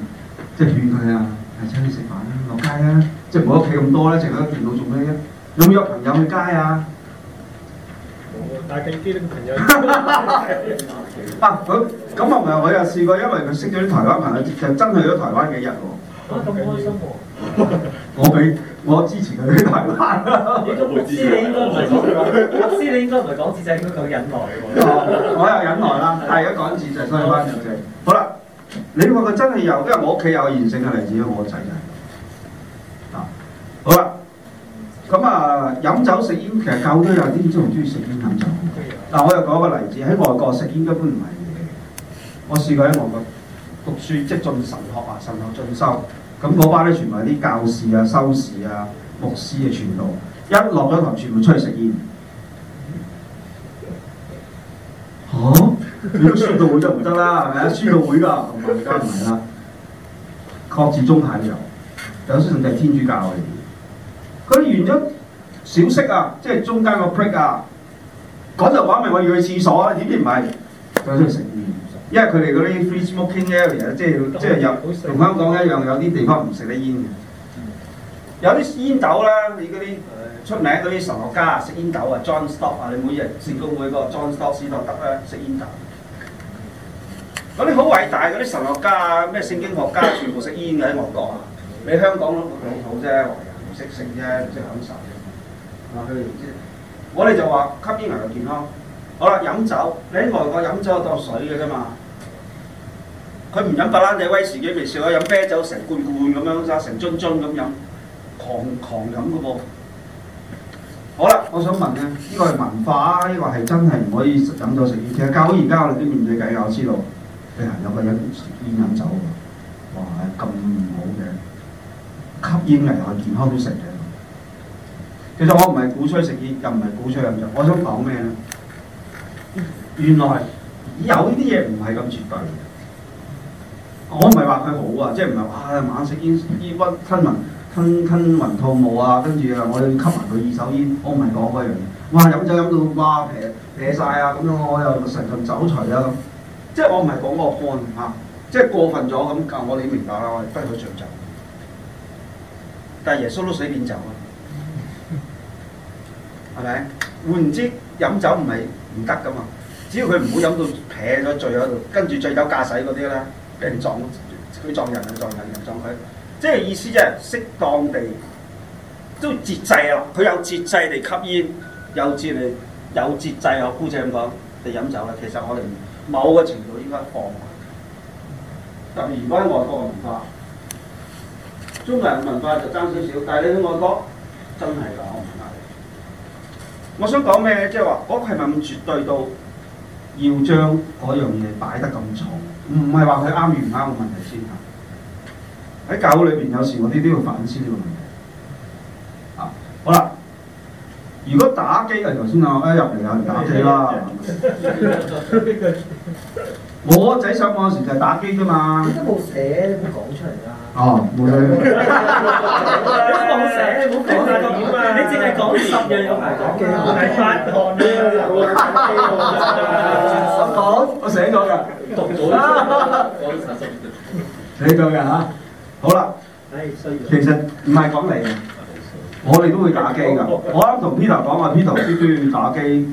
即係勸佢啊。請你食飯啊，落街啊，即係冇屋企咁多咧、啊，淨喺電腦做咩啫、啊？有冇約朋友去街啊？但啲呢啲朋友啊，好咁啊！唔係我有試過，因為佢識咗啲台灣朋友，其實真去咗台灣幾日喎。咁、啊、開心喎！ 我未，我支持佢去台灣。老、啊、師，你應該唔係講自制？我知，你應該唔係講自制，就應該講忍耐。啊、 我又忍耐啦，但係而家講自制就所以班牙字。 好啦，你話佢真係有，因為我屋企有現成嘅例子，我仔就係啊，好啦。好咁啊，飲酒食煙其實舊都有啲基督徒中意食煙飲酒。但我又講一個例子，喺外國食煙根本唔係嘢。我試過喺外國讀書，即係進神學啊，神學進修。咁嗰班咧全部係啲教士啊、修士啊、牧師啊、傳道，一落咗堂全部出去食煙。嚇、啊？如果宣道會就唔得啦，係咪啊？宣道會㗎，同埋唔係啦。國字中派有，有啲甚至係天主教嚟。佢完咗小息啊，即係中間個 break 啊，講就話，明我要去廁所，啊，點知唔係？佢喺度食煙，因為佢哋嗰啲 free smoking area，即係對即係有同吃香港一樣，有啲地方唔食得煙嘅。嗯、有啲煙斗啦，你嗰啲出名嗰啲神學家啊，ott, ott, 啊，食煙斗啊，John Stott 啊，你每日聖公會個 John Stott 先就得啦。食煙斗。嗰啲好偉大嗰啲神學家啊，咩聖經學家全部食煙嘅喺外國啊，你香港都好啫。識食啫，唔識享受啫。啊，佢唔知。我哋就話吸煙危害健康。好啦，飲酒，你喺外國飲酒當水嘅啫嘛。佢唔飲白蘭地威士忌微少，飲啤酒成罐罐咁樣揸，成樽樽咁飲，狂狂飲嘅噃。好啦，我想問啊，呢、這個係文化，呢個係真係唔可以飲酒食煙。其實教會而家我哋啲面對緊嘅，我知道，係飲嘅飲食煙飲酒，哇係咁唔好嘅。吸煙危害健康都食嘅，其實我唔係鼓吹食煙，又唔係鼓吹飲酒。我想講咩咧？原來有呢啲嘢唔係咁絕對。我唔係話佢好啊，即係唔係話猛食煙煙燻吞，吞，吞雲吞吞雲吐霧啊，跟住啊，我要吸埋佢二手煙。我唔係講嗰樣嘢。哇！飲酒飲到哇，皮撇晒啊，咁樣我又成個酒除、那個、啊。即係我唔係講個肝嚇，即係過分咗咁。教我哋明白啦，我係分佢上就。但係耶穌都水變酒啊，係咪？換言之飲酒唔係唔得噶嘛，只要佢唔好飲到劈咗醉喺度，跟住醉酒駕駛嗰啲啦，俾人撞，佢撞人又撞人，撞人撞佢，即係意思啫，適當地都節制啊！佢有節制嚟吸煙，有節地有節制，我姑姐咁講，你飲酒咧，其實我哋某個程度應該放開，特別而家喺外國嘅文化。中國人文化就爭少少，但係你聽我講，真係㗎，我唔我想講咩，即係話嗰個係咪咁絕對到要將嗰樣嘢擺得咁重？唔係話佢啱唔啱嘅問題先嚇。喺教會裏邊有時我哋都要反思呢個問題。啊，好啦，如果打機啊頭先啊，一入嚟有人打機啦、啊。 我仔上網時就係打機啫嘛。你都冇寫，點講出嚟㗎？哦，冇睇啦！你唔好醒，唔好評價咁點啊！你淨係講十日有排打機，係發糖啊！我講，我醒咗嘅，讀咗啦。講十日，你講嘅嚇，好啦。唉，新。其實唔係講你，我哋都會打機㗎。我啱同 Peter 講話，Peter 天天打機，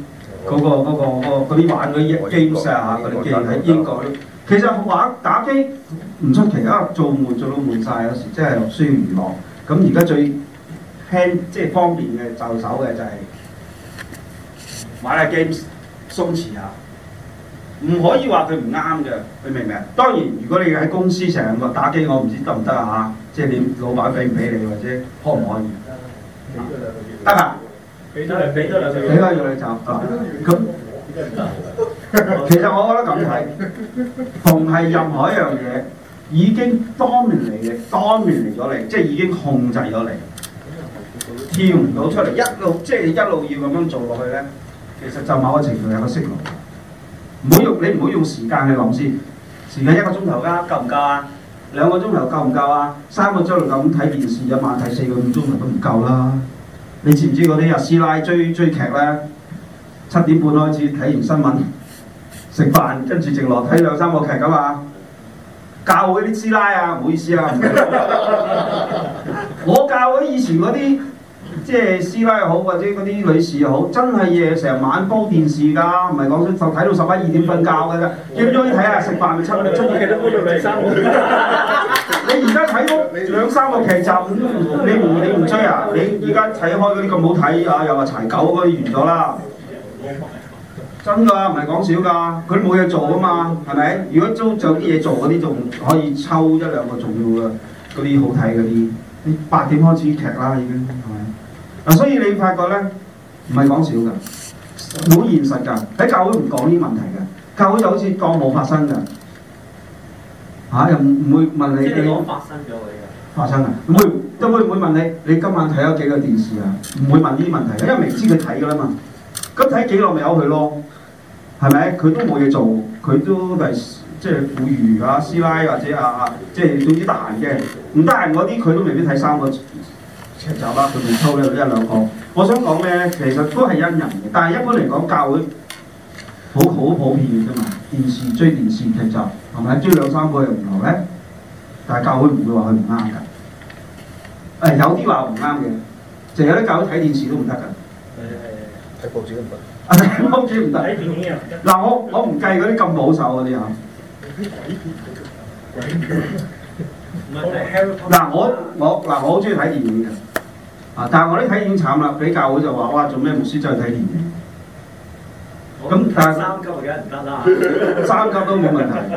嗰個嗰個嗰嗰啲玩嗰啲基本上，佢哋見係英國。其實玩打機唔出奇啊，做悶做到悶晒，有時真係需要娛樂。咁而家最輕即係方便嘅就手嘅就係買下 games 鬆弛下，唔可以話佢唔啱嘅，你明唔明？當然如果你喺公司成日話打機，我唔知得唔得啊嚇，即係你老闆俾唔俾你或者可唔可以？得啊，俾得啦，俾得啦，俾兩個月嚟就夠啦。其實我覺得咁睇，同係任何一樣嘢已經當年嚟嘅，當年嚟咗嚟，即係已經控制咗嚟，跳唔到出嚟，一路即係、就是、一路要咁樣做落去咧。其實就某個程度有個適路。唔好用你唔好用時間去諗先，時間一個鐘頭㗎，夠唔夠啊？兩個鐘頭夠唔夠啊？三個鐘頭，咁睇電視一晚睇四個半鐘頭都唔夠啦。你知唔知嗰啲阿師奶追追劇咧？七點半開始睇完新聞，食飯跟住靜落睇兩三個劇咁啊！教會啲師奶啊，唔好意思啊， 我教會以前嗰啲即係師奶又好或者嗰啲女士又好，真係夜成晚煲電視㗎，唔係講就睇到十一二點瞓覺㗎啫。叫咗去睇下食飯咪出咗追幾多兩三個嚟生？ 你而家睇嗰兩三個劇集，你唔你唔追啊？你而家睇開嗰啲咁好睇啊？又話柴九嗰啲完咗啦～真噶，唔係講少噶，佢冇嘢做啊嘛，係咪？如果租仲有啲嘢做嗰啲，仲可以抽一兩個重要嘅嗰啲好睇嗰啲。八點開始劇啦，已經係咪？嗱，所以你發覺咧，唔係講少噶，好現實噶。喺教會唔講呢啲問題嘅，教會就好似當冇發生噶，吓、啊、又唔唔會問你。即係講發生咗嘅。發生啊，唔會，一般唔會問你，你今晚睇咗幾個電視啊？唔會問呢啲問題，因為明知佢睇噶啦嘛。咁睇幾耐咪由佢咯，係咪？佢都冇嘢做，佢都係即係僱傭啊師奶、啊、或者啊啊，即係總之得閒啫。唔得閒嗰啲佢都未必睇三個劇集啦、啊，佢咪抽咧一兩個。我想講咩？其實都係因人嘅，但係一般嚟講教會好好普遍嘅啫嘛。電視追電視劇集係咪？追兩三個又唔留咧？但係教會唔會話佢唔啱㗎。誒、哎、有啲話唔啱嘅，淨係有啲教會睇電視都唔得㗎。報唔得，嗱，我我唔計嗰啲咁保守嗰啲啊。嗱，我我嗱，我好中意睇電影嘅，啊！但係我啲睇電影慘啦，比較好就話：哇，做咩牧師真係睇電影。咁但係三級又梗唔得啦，三級都冇問題，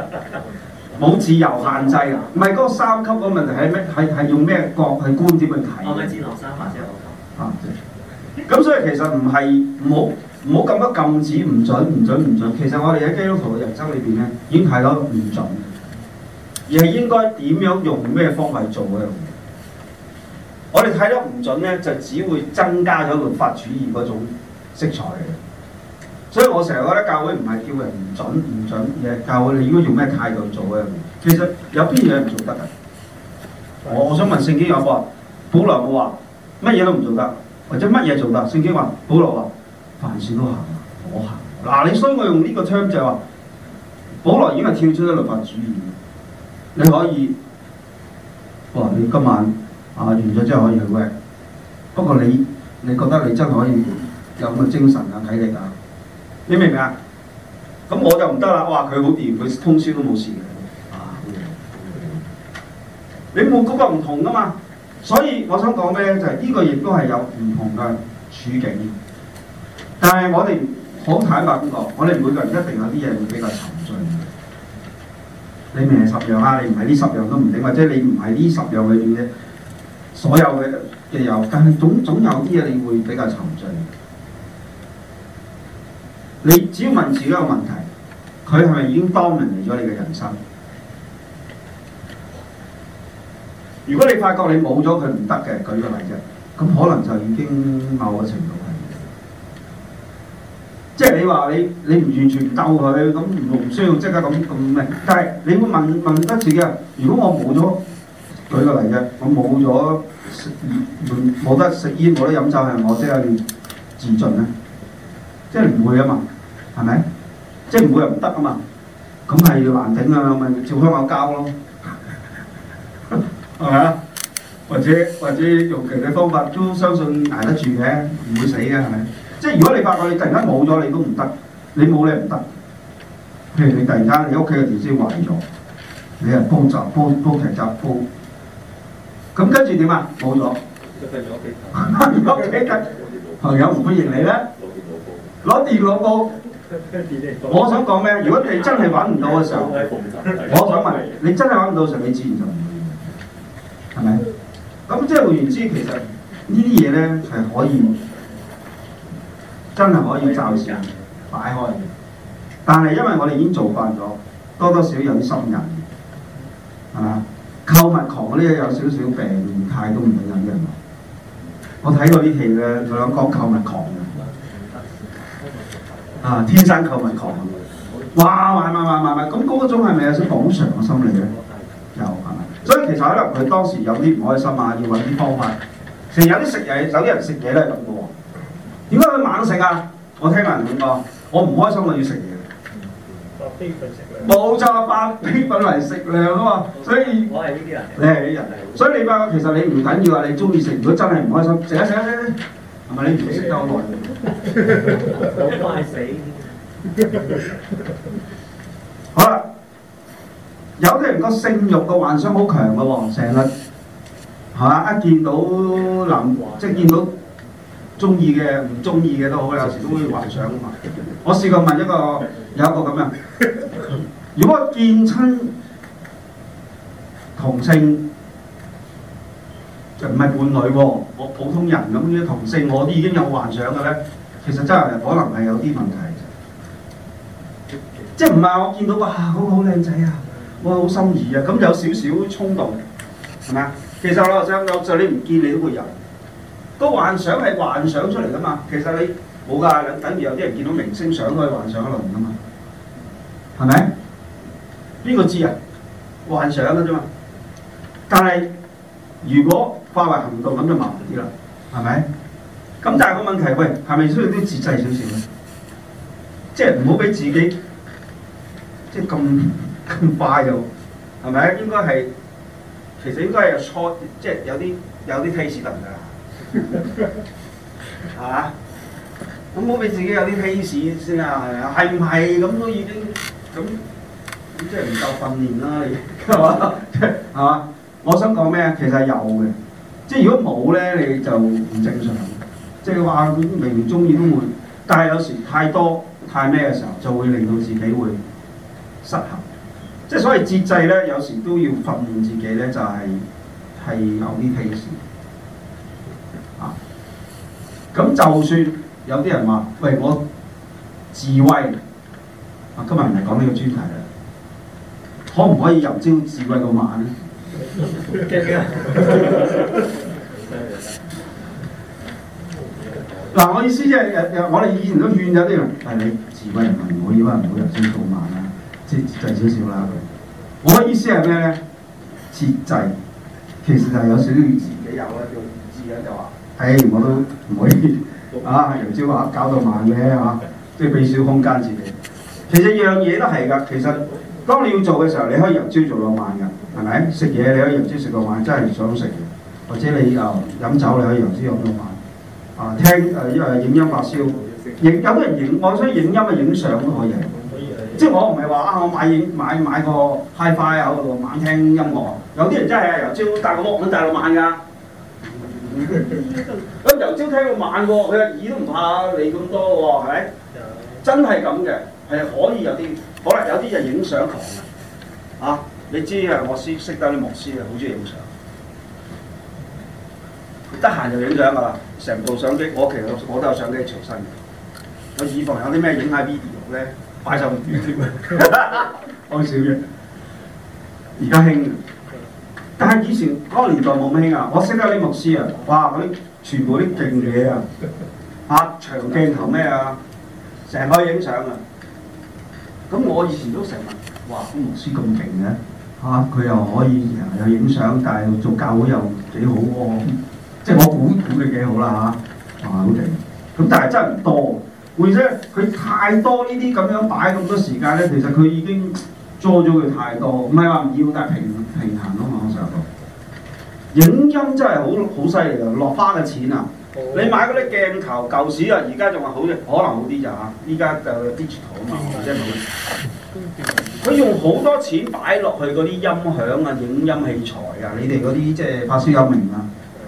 冇自由限制啊！唔係嗰個三級個問題係咩？係係用咩角係觀點去睇？我係展龍山或者，啊咁所以其實唔係唔好唔好咁多禁止唔准，唔准，唔准。其實我哋喺基督徒嘅人生裏邊咧，已經睇到唔準，而係應該點樣用咩方法做嗰樣嘢。我哋睇到唔準咧，就只會增加咗律法主義嗰種色彩嘅。所以我成日覺得教會唔係叫人唔準唔準，而係教會你應該用咩態度做嗰樣嘢。其實有邊樣唔做得㗎？我是我想問聖經有冇話，保羅冇話乜嘢都唔做得？或者乜嘢做得？聖經話，保羅話：凡事都行，可行。嗱、啊，你，所以我用呢個 theme 就係話，保羅已經係跳出咗律法主義。你可以，我話你今晚啊完咗之後可以去喂。不過你，你覺得你真係可以有咁嘅精神啊、體力啊？你明唔明啊？咁我就唔得啦。哇！佢好掂，佢通宵都冇事嘅。啊，你冇嗰個唔同噶嘛？所以我想講咩咧？就係、是、呢個亦都係有唔同嘅處境。但係我哋好坦白咁講，我哋每個人一定有啲嘢會比較沉醉嘅。你明係十樣啊？你唔係呢十樣都唔定，或者你唔係呢十樣裏面嘅，所有嘅嘅有，但係總總有啲嘢你會比較沉醉。你只要問自己一個問題：佢係咪已經當人嚟咗你嘅人生？如果你發覺你冇咗佢唔得嘅，舉個例啫，咁可能就已經某個程度係，即係你話你你唔完全唔鬥佢，咁唔需要即刻咁咁咩？但係你會問問得自己啊。如果我冇咗，舉個例啫，我冇咗食冇得食煙，冇得飲酒，係我即刻要自盡咧，即係唔會啊嘛，係咪？即係唔會又唔得啊嘛，咁係難頂啊，咪照香口交咯。係咪啊？或者或者用其他方法都相信捱得住嘅，唔會死嘅係咪？即係如果你發覺你突然間冇咗，你都唔得。你冇你唔得。譬如你突然間你屋企嘅電視壞咗，你係煲扎煲，煲人扎煲，咁跟住點啊？冇咗。喺屋企緊。朋友唔歡迎你咧。攞電腦煲。攞電我想講咩？如果你真係揾唔到嘅時候，我想問你：你真係揾唔到嘅時候，你自然就。唔。咁即係換言之，其實呢啲嘢咧係可以，真係可以暫時擺開。但係因為我哋已經做慣咗，多多少少有啲心硬。係嘛？購物狂嗰啲有少少病態都唔好飲人。我睇過呢期嘅我想講購物狂啊，天生購物狂哇，買買買買買，咁嗰種係咪有少少補償嘅心理咧？所以其實可能佢當時有啲唔開心啊，要揾啲方法。成日有啲食嘢，有啲人食嘢都係咁嘅喎。點解佢猛食啊？我聽人講，我唔開心，我要食嘢。百品品食冇錯，百品品為食量啊嘛。所以我係呢啲人。你係呢啲人嚟。的所以你話其實你唔緊要啊，你中意食，如果真係唔開心，食一食啊食啊，係咪你唔食得好耐。好快死。 好啦。有啲人個性慾、啊、個幻想好強嘅喎，成日係嘛一見到男，即係見到中意嘅、唔中意嘅都好，有時都會幻想嘅嘛。我試過問一個有一個咁樣 啊，如果見親同性就唔係伴侶喎，我普通人咁樣同性，我都已經有幻想嘅咧。其實真係可能係有啲問題，即係唔係我見到哇嗰個好靚仔啊！哇，好心儀啊！咁有少少衝動，係咪啊？其實老實講，就你唔見你嗰個人，個幻想係幻想出嚟噶嘛。其實你冇㗎，等於有啲人見到明星相，都可以幻想一輪㗎嘛，係咪？邊個知啊？幻想㗎啫嘛。但係如果化為行動，咁就麻煩啲啦，係咪吧？咁但係個問題。喂，係咪需要啲自制少少咧？即係唔好俾自己即係咁。就是咁快就，係咪啊？應該係，其實應該係有錯，即係有啲有啲 taste 份㗎，係嘛？ 咁好俾自己有啲 taste 先啊，係唔係咁都已經咁咁即係唔夠訓練啦？係嘛？係嘛？我想講咩啊？其實有嘅，即係如果冇咧，你就唔正常。即係話明明鍾意都會，但係有時太多太咩嘅時候，就會令到自己會失衡。即係所謂節制咧，有時都要訓練自己咧，就係、是、係有啲 patience 啊。咁就算有啲人話，喂，我自慰啊，今日唔係講呢個專題啦，可唔可以由朝自慰到晚咧？嗱，我意思即係，我哋以前都勸咗啲人，係你自慰唔係我以為唔好由朝到晚啊。節制少少啦佢，我意思係咩咧？節制其實係有少少自，自己有啦，意志己就話，誒、欸、我都唔可以啊由朝話搞到晚嘅嚇，即係俾少空間自己。其實樣嘢都係㗎。其實當你要做嘅時候，你可以由朝做到晚嘅，係咪？食嘢你可以由朝食到晚，真係想食嘅。或者你又飲酒，你可以由朝飲到晚。啊聽誒因為影音發燒，影有啲人影，我想影音咪影相都可以。即我唔係話啊！我買影買買，買個 Hi-Fi 啊，喺度晚聽音樂。有啲人真係由朝搭個碌，咁搭到晚㗎。咁 由朝聽到晚喎，佢個耳都唔怕你咁多喎，係咪？真係咁嘅，係可以有啲，可能有啲就影相狂啊！啊，你知啊，我師識得啲牧師啊，好中意影相。佢得閒就影相㗎啦，成部相機。我其實我都有相機隨身嘅。我以防有啲咩影下 video 咧。就唔蝴蝶咩？安小嘅，而家興，但係以前嗰個年代冇咩興啊！我識得啲牧師啊，哇！嗰啲全部啲勁嘢啊，啊長鏡頭咩啊，成日影相啊！咁我以前都成日話啲牧師咁勁嘅，吓、啊、佢又可以有影相，但係做教會又幾好喎、啊，即係我估估你幾好啦、啊、吓，哇、啊、好勁！咁但係真係唔多。會啫，佢太多呢啲咁樣擺咁多時間咧，其實佢已經做咗佢太多，唔係話唔要，但係平平衡咯嘛，我成日講。影音真係好好犀利嘅，落花嘅錢啊！哦、你買嗰啲鏡頭，舊時啊，而家仲話好，可能好啲咋嚇？依家就 digital 啊嘛，即係佢。佢用好多錢擺落去嗰啲音響啊、影音器材啊，你哋嗰啲即係發燒有名啊！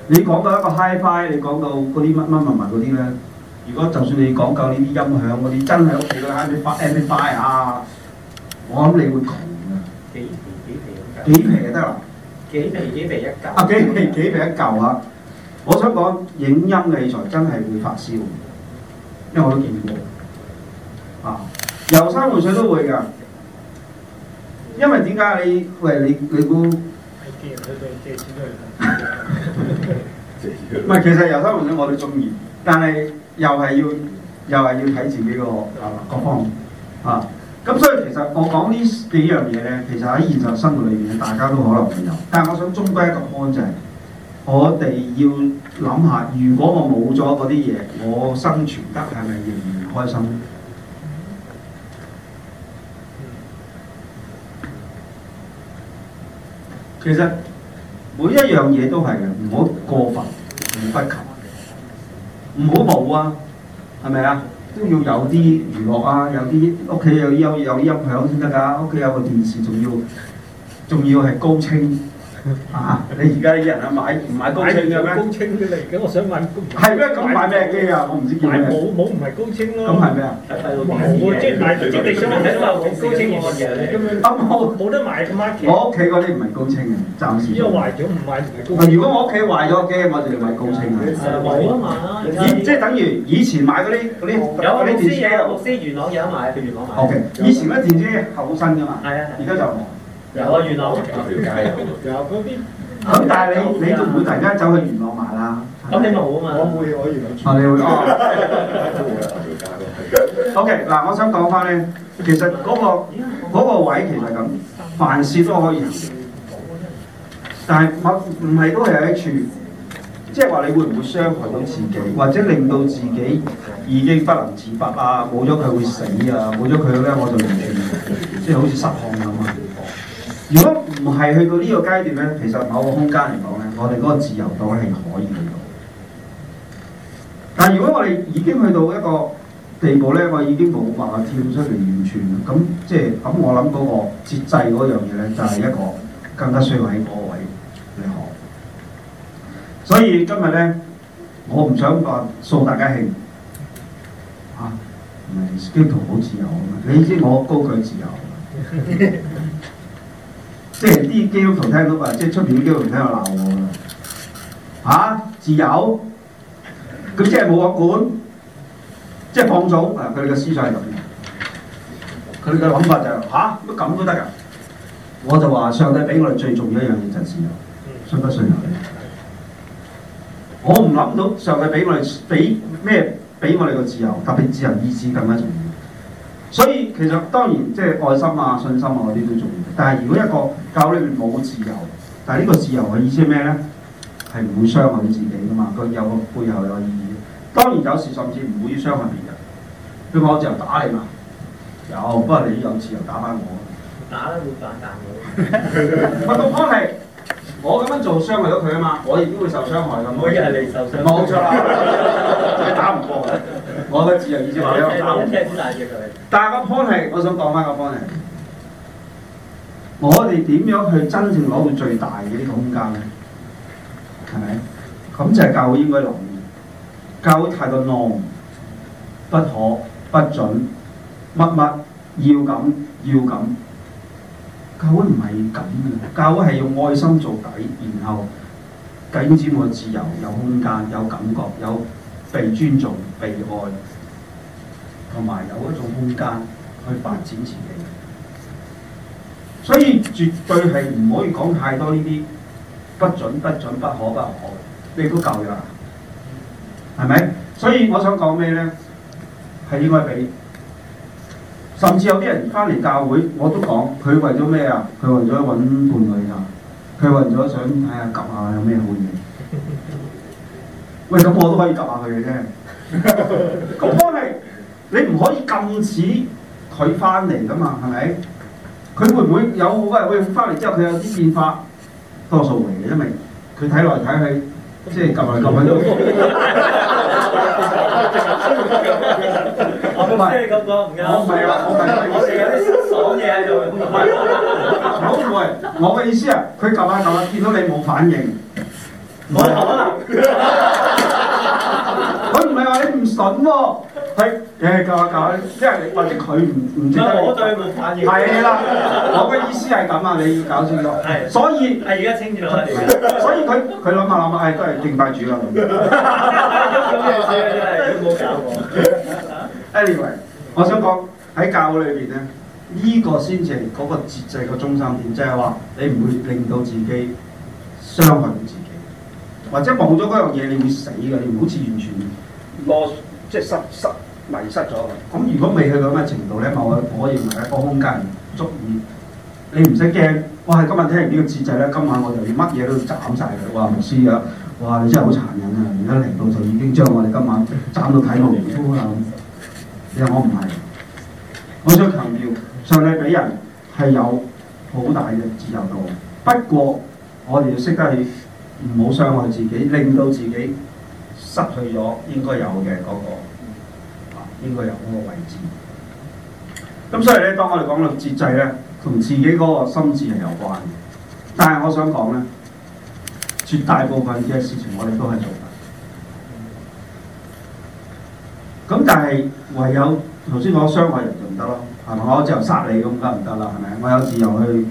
你講到一個 Hi-Fi，你講到嗰啲乜乜乜乜嗰啲咧？如果就算你講究呢啲音響嗰啲，真係屋企嗰啲，你買 M P I 啊，我諗你會窮啊。幾皮幾皮？幾皮得啦？幾皮幾皮一嚿？啊幾皮幾皮一嚿啊！我想講影音器材真係會發燒，因為我都見過啊。遊山玩水都會㗎，因為點解你喂你你估？係借你做借錢都嚟唔係，其實遊山玩水我都中意，但係。又係要，又係要睇自己個啊各方面啊，咁所以其實我講呢幾樣嘢咧，其實喺現實生活裏面，大家都可能會有。但係我想終歸一個 point 就係，我哋要諗下，如果我冇咗嗰啲嘢，我生存得係咪仍然開心？其實每一樣嘢都係嘅，唔好過分，唔不及。唔好冇啊，係咪啊？都要有啲娛樂啊，有啲屋企有有音響先得㗎，屋企有，有、啊、有個電視，仲要仲要係高清。啊！你而家啲人啊買唔買高清嘅咩？高清嘅嚟嘅，我想問，係咩咁買咩機啊？我唔知買咩。冇冇唔係高清咯。咁係咩啊？喺第六電視嘅。冇啊！即係你想問睇都高清嘅嘢。咁冇冇得買嘅 market。我屋企嗰啲唔係高清嘅，暫時。如果壞咗唔買。嗱，如果我屋企壞咗嘅，我哋就買高清嘅。冇得買即係等於以前買嗰啲嗰啲嗰啲電視啊。有老師，老師元朗有得賣，佢元朗 O K，以前嗰啲電視厚身噶嘛，而家就。有、 嗯、Okay, 啊，元朗あ，了解有，有啲。咁但係你你都唔會突然間走去元朗買啦。咁你冇啊嘛。我會，我元朗。你會哦。都會有 O K，嗱，我想講翻咧，其實嗰個嗰個位其實咁，凡事都可以，但係冇唔係都係喺一處，即係話你會唔會傷害到自己，或者令到自己已經不能自拔啊，冇咗佢會死啊，冇咗佢咧我就唔，即係好似失控咁啊。如果唔係去到呢個階段咧，其實某個空間嚟講咧，我哋嗰個自由度係可以去到。但係如果我哋已經去到一個地步咧，我已經冇辦法跳出嚟完全咁，即係咁我諗嗰個節制嗰樣嘢咧，就係、是、一個更加需要喺嗰個位你學。所以今日咧，我唔想話掃大家興，啊 s k i e d 好自由，嘛？你知我高舉自由。 即係啲基督徒聽到啊，即係出面啲基督徒喺度鬧我啊！嚇自由，咁即係冇我管，即係放縱啊！佢哋嘅思想係咁嘅，佢哋嘅諗法就吓、係，乜咁都得㗎？我就話上帝俾我哋最重要一樣嘢就係自由，信不信由你？我唔諗到上帝俾我哋俾咩俾我哋個自由，特別自由意志更加重要。所以其實當然即係愛心啊、信心啊嗰啲都重要，但係如果一個教裏邊冇自由，但係呢個自由嘅意思係咩咧？係唔會傷害你自己噶嘛？佢有個背後有意義。當然有時甚至唔會傷害別人。你我自由打你嘛？有，不過你有自由打返我，我打得會打爛我。喂，郭光嚟，我咁樣做傷害咗佢啊嘛，我亦都會受傷害咁咯。可以係你受傷害。冇錯，係打唔過嘅。我嘅自由意志，嗯、但係個 problem，我想講翻個 problem。嗯、我哋點樣去真正攞到最大嘅呢個空間咧？係咪？咁就係教會應該諗嘅。教會太多 n 不可、不准，乜乜要咁要咁。教會唔係咁嘅，教會係用愛心做底，然後止我自由、有空間、有感覺、有。被尊重、被愛，同埋有一種空間去發展自己，所以絕對係唔可以講太多呢啲，不准、不准、不可、不可，你都教育啊，係咪？所以我想講咩咧？係應該俾，甚至有啲人翻嚟教會，我都講佢為咗咩啊？佢為咗揾伴侶啊，佢為咗想睇下 𥄫 下有咩好嘢。喂，咁我都可以 𥄫 下佢嘅啫。咁幫你，你唔可以禁止佢翻嚟噶嘛？係咪？佢會唔會有喂喂翻嚟之後佢有啲變化？多數嚟嘅，因為佢睇來睇去，即係 𥄫 嚟 𥄫 去都。 我唔係咁講，我唔啱。我唔係、 啊、 話，我唔係意思講嘢喺度。唔係，我唔係，我嘅意思啊，佢 𥄫 下 𥄫 下，見到你冇反應，我冇。 你唔準喎、啊，係誒、欸，教教下，因為你或者佢唔唔值得我係啦。我嘅意思係咁啊，你要搞 以清楚。係， 所以係而家清咗。所以佢佢諗下諗下，係都係敬拜主啦、啊。Anyway，我想講喺教裏邊咧，呢、這個先至嗰個節制嘅中心點，即係話你唔會令到自己傷害到自己，或者冇咗嗰樣嘢，你會死㗎。你好似完全。即係失失迷失咗，咁如果未去到咁嘅程度咧，我我認為一個空間足以。你唔使驚。哇！今日聽完呢個節制咧，今晚我就乜嘢都斬曬佢！哇！牧師啊！哇！你真係好殘忍啊！而家嚟到就已經將我哋今晚斬到體無完膚啦！其實 我唔係，我想強調上帝俾人係有好大嘅自由度，不過我哋要識得去唔好傷害自己，令到自己。失去咗應該有嘅嗰個啊，應該有嗰個位置。咁所以咧，當我哋講到節制咧，同自己嗰個心智係有關嘅。但係我想講咧，絕大部分嘅事情我哋都係做緊。咁但係唯有頭先講傷害人就唔得咯，係咪？我自由殺你咁得唔得啦？係咪？我有自由去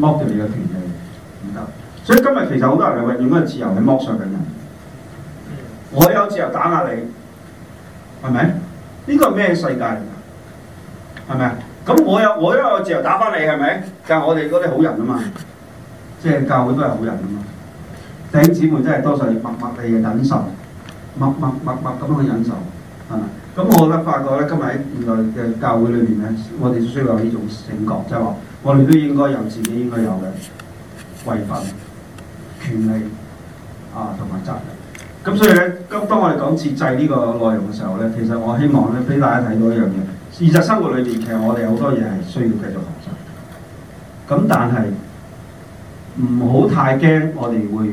剝奪你嘅權利唔得。所以今日其實好多人係運用嗰個自由去剝削緊。我有自由打壓你，係咪？呢個係咩世界嚟㗎？係咪啊？咁我有我又有自由打翻你，係咪？教、就係、我哋嗰啲好人啊嘛，即係教會都係好人啊嘛。弟兄姊妹真係多數要默默地忍受，默默默默咁去忍受啊。咁我覺得發覺咧，今日喺現代嘅教會裏面咧，我哋需要有呢種性格，即係話我哋都應該有自己應該有嘅位分、權利啊同埋責任。咁所以咧，當當我哋講節制呢個內容嘅時候咧，其實我希望咧，俾大家睇到一樣嘢。現實生活裏面，其實我哋好多嘢係需要繼續學習。咁但係唔好太驚，我哋會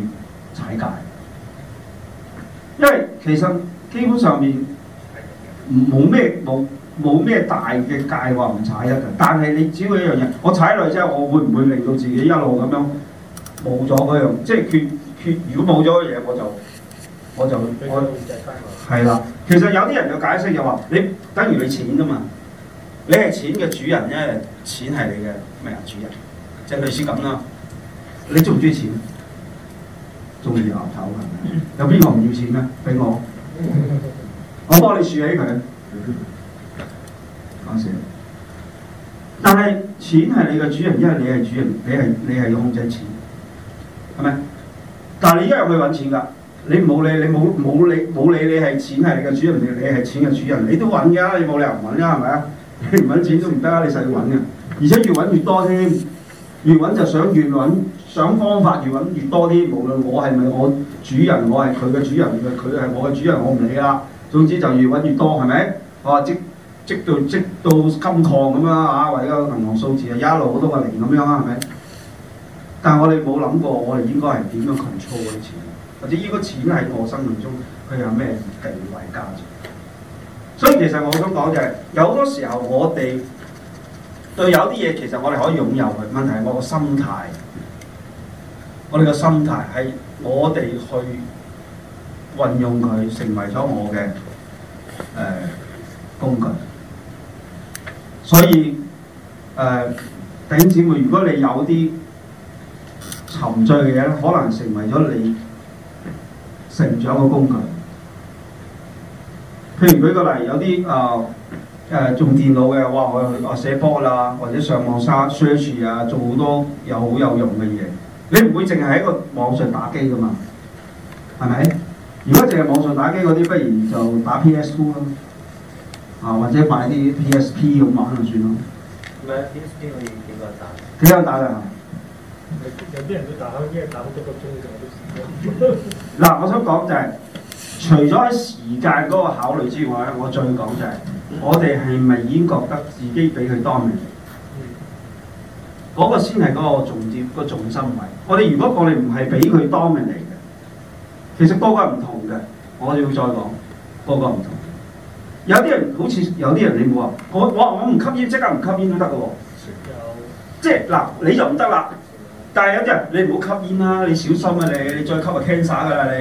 踩界，因為其實基本上面冇咩冇冇咩大嘅界話唔踩得嘅。但係你只要一樣嘢，我踩落去之後，我會唔會令到自己一路咁樣冇咗嗰樣？那個、即係缺缺，如果冇咗嘢，我就～我就我控制翻佢。係啦，其實有啲人嘅解釋就話：你等如你錢㗎嘛，你係錢嘅主人，因為錢係你嘅，唔係、啊、主人。即係類似咁啦。你中唔中意錢？中意鴨頭係咪？有邊個唔要錢咩？俾我，嗯、我幫你豎起佢。講笑但。但係錢係你嘅主人，因為你係主人，你係你係要控制錢，係咪？但係你一樣去揾錢㗎。你冇理，你冇冇理冇理，你係錢係你嘅主人，你係錢嘅主人，你都揾㗎，你冇理由唔揾㗎係咪啊？你唔揾錢都唔得啊，你實要揾嘅，而且越揾越多添，越揾就想越揾，想方法越揾越多啲。無論我係咪我主人，我係佢嘅主人，佢佢係我嘅主人，我唔理啦。總之就越揾越多，係咪？我話積到積到金礦咁啊，或者個銀行數字啊，一路嗰個零咁樣啊，係咪？但係我哋冇諗過，我哋應該係點樣 control 嗰啲錢？或者呢個錢喺我生命中佢有咩地位價值？所以其實我想講就係，有好多時候我哋對有啲嘢，其實我哋可以擁有嘅問題，係我個心態，我哋個心態係我哋去運用佢成為咗我嘅誒、呃、工具。所以誒，弟兄、呃、姊妹，如果你有啲沉醉嘅嘢，可能成為咗你。成長嘅工具，譬如舉個例，有啲啊誒用電腦嘅，哇！我我寫波啦，或者上網 search 啊，做好多有好有用嘅嘢。你唔會淨係喺個網上打機噶嘛？係咪？如果淨係網上打機嗰啲，不如就打 PS2 咯，啊或者買啲 PSP 咁玩就算咯。咁啊，PSP 可以幾個人打？幾多人打呀？有啲人去打開機，打好多個鐘嘅我都試嗱，我想講就係、是，除咗喺時間嗰個考慮之外咧，我再講就係、是，我哋係咪已經覺得自己畀佢多面？嗰個先係嗰個重點、嗰個重心位。我哋如果我哋唔係畀佢多面嚟嘅，其實個個唔同嘅。我要再講，嗰個個唔同。嘅。有啲人好似有啲人你冇話，我哇我唔吸煙，即刻唔吸煙都得㗎喎。即係嗱，你就唔得啦。但係有啲人你唔好吸煙啦，啊，你小心啊你，你再吸就 cancer 噶啦你，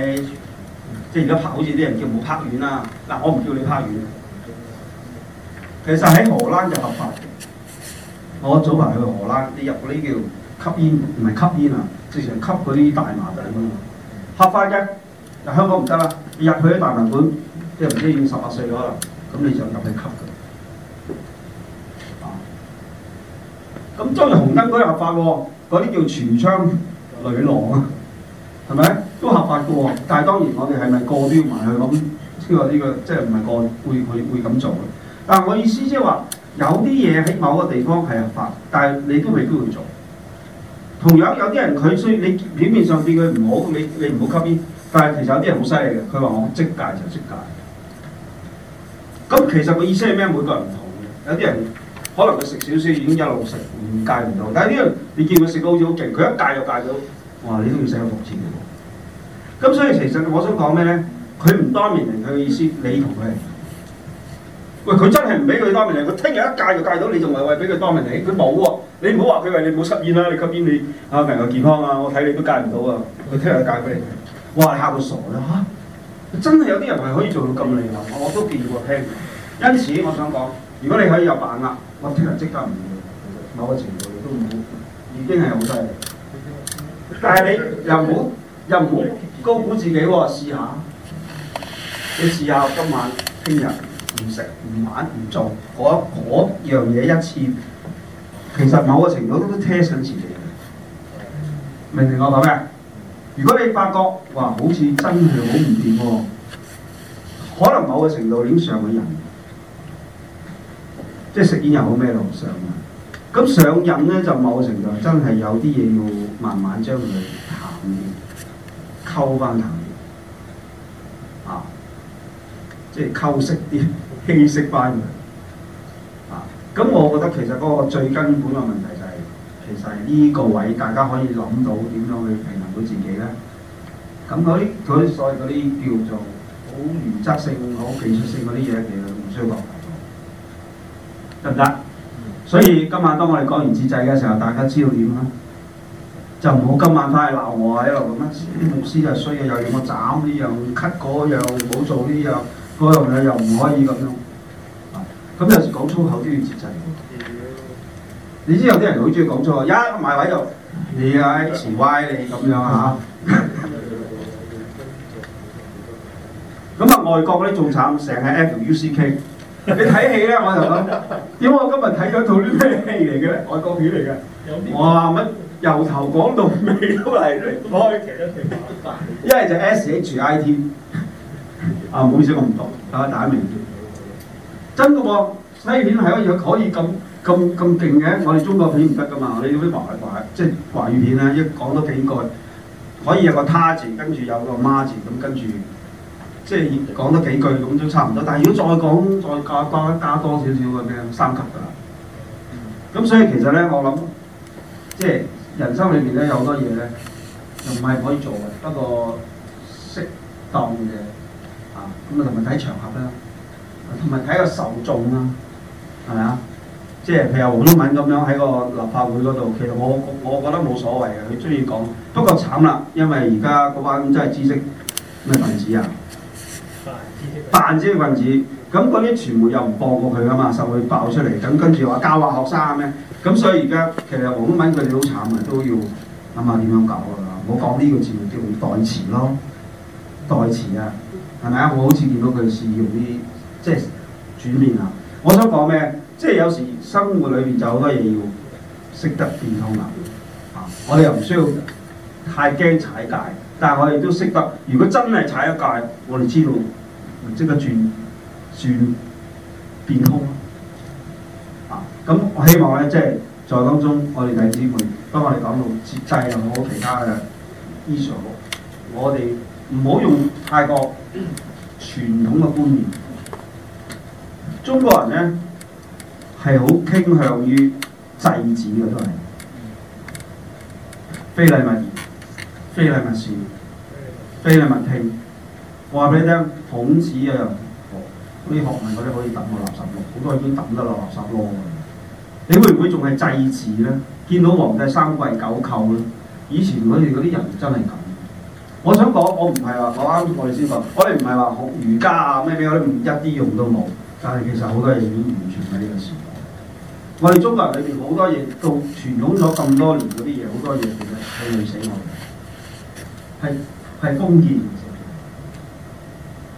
即係而家拍好似啲人叫唔好啪丸啦，啊。嗱，啊，我唔叫你啪丸。其實喺荷蘭就合法。嘅。我早排去荷蘭，你入嗰啲叫吸煙，唔係吸煙啊，直情吸佢啲大麻咁啊，合法嘅。就香港唔得啦，你入去啲大麻館，即係唔知已經十八歲咗啦，咁你就入去吸㗎。啊，咁追紅燈嗰啲合法喎。嗰啲叫櫥窗女郎啊，係咪都合法嘅喎？但係當然我哋係咪個都要埋去咁？呢個，呢個即係唔係個會會會咁做嘅。但係我意思即係話，有啲嘢喺某個地方係合法，但係你都未必會做。同樣有啲人佢雖然你表面上對佢唔好，你你唔好吸煙，但係其實有啲人好犀利嘅，佢話我即戒就即戒。咁其實個意思係咩？每個人唔同嘅，有啲人。可能佢食少少已經一路食，唔戒唔到。但係呢樣你見佢食到好似好勁，佢一戒就戒到，哇！你都要使個六錢。咁所以其實我想講咩咧？佢唔當面嚟，佢嘅意思你同佢。喂，佢真係唔俾佢當面嚟，佢聽日一戒就戒到，你仲係喂俾佢當面嚟？佢冇喎，你唔好話佢為你冇吸煙啦，你吸煙你啊人嘅健康啊，我睇你都戒唔到啊。佢聽日戒俾你嚟，哇！你嚇個傻啦嚇、啊！真係有啲人係可以做到咁厲害，我都見過聽。因此我想講，如果你可以有把握。我聽日即刻唔用，某個程度亦都唔已經係好犀利。但係你又唔好又唔好高估自己喎、哦，試下你試下今晚、聽日唔食、唔玩、唔做嗰樣嘢一次，其實某個程度都都 test 咗自己嘅，明唔明我講咩？如果你發覺哇，好似真係好唔掂喎，可能某個程度上嘅人。即係食煙又好，咩都唔上啊？咁上癮咧，就某程度真係有啲嘢要慢慢將佢淡啲，溝翻淡啲，啊，即係溝息啲，稀釋翻佢。啊，咁我覺得其實嗰個最根本嘅問題就係、是，其實係呢個位大家可以諗到點樣去平衡到自己咧，咁嗰啲佢所謂嗰啲叫做好原則性好技術性嗰啲嘢其實唔需要講。得唔得？所以今晚當我哋講完節制嘅時候，大家知道點啦，就唔好今晚翻去鬧我喺度咁樣。啲牧師就衰啊，又要我斬呢樣、咳嗰樣，唔好做呢樣，嗰樣嘢又唔可以咁樣。啊！咁有時講粗口都要節制。你知有啲人好中意講粗口，一、yeah, 埋位就你啊，詞歪你咁樣嚇。咁啊， 外國嗰啲仲慘，成日係 F UCK。U C K。你睇戲啦，我就諗，點解我今日睇咗套啲咩戲嚟嘅咧？外國片嚟嘅。哇，乜由頭講到尾都係咧，開劇都停唔翻。一係 就 S H I T。啊，唔好意思，咁唔讀。大家打明？真嘅喎，西、這個、片係可以可以咁咁咁勁嘅，我哋中國片唔得噶嘛。你啲華華即係華語片咧、就是，一講多幾句，可以有個他字，跟住有個媽字，咁跟住。即係講多幾句咁都差唔多，但係如果再講再加加加多少少咁樣三級㗎啦。咁所以其實咧，我諗即係人生裏面咧有好多嘢咧，又唔係可以做嘅，不過適當嘅啊，咁啊同埋睇場合啦，同埋睇個受眾啦，係咪啊？即係譬如黃宗敏咁樣喺個立法會嗰度，其實我我覺得冇所謂嘅，佢中意講。不過慘啦，因為而家嗰班真係知識咩分子啊！扮這些份子，咁嗰啲傳媒又唔播過佢啊嘛，就會爆出嚟。咁跟住話教壞學生咩、啊？咁所以而家其實黃宗敏佢哋好慘啊，都要諗下點樣搞啊。我講呢個字叫代詞咯，代詞啊，係咪啊？我好似見到佢試用啲即係轉變啊。我想講咩？即係有時生活裏邊就好多嘢要識得變通啊。啊，我哋又唔需要太驚踩界，但係我哋都識得。如果真係踩一界，我哋知道。即刻轉轉變通啊！咁我希望咧，即係在當中，我哋弟子會幫我哋講到節制，冇其他嘅意思。我我哋唔好用太過傳統嘅觀念。中國人咧係好傾向於制止嘅，都係非禮勿視，非禮勿事，非禮勿聽。話俾你聽。孔子啊，學啲學問嗰啲可以抌個垃圾窿，好多已經抌得落垃圾窿。你會唔會仲係祭祀咧？見到皇帝三跪九叩咧？以前我哋嗰啲人真係咁。我想講，我唔係話講啱，我哋先講，我哋唔係話學儒家啊咩咩嗰啲，一啲用都冇。但係其實好多嘢已經完全喺呢個時代。我哋中國人裏邊好多嘢到傳統咗咁多年嗰啲嘢，好多嘢其實係累死我哋，係係封建。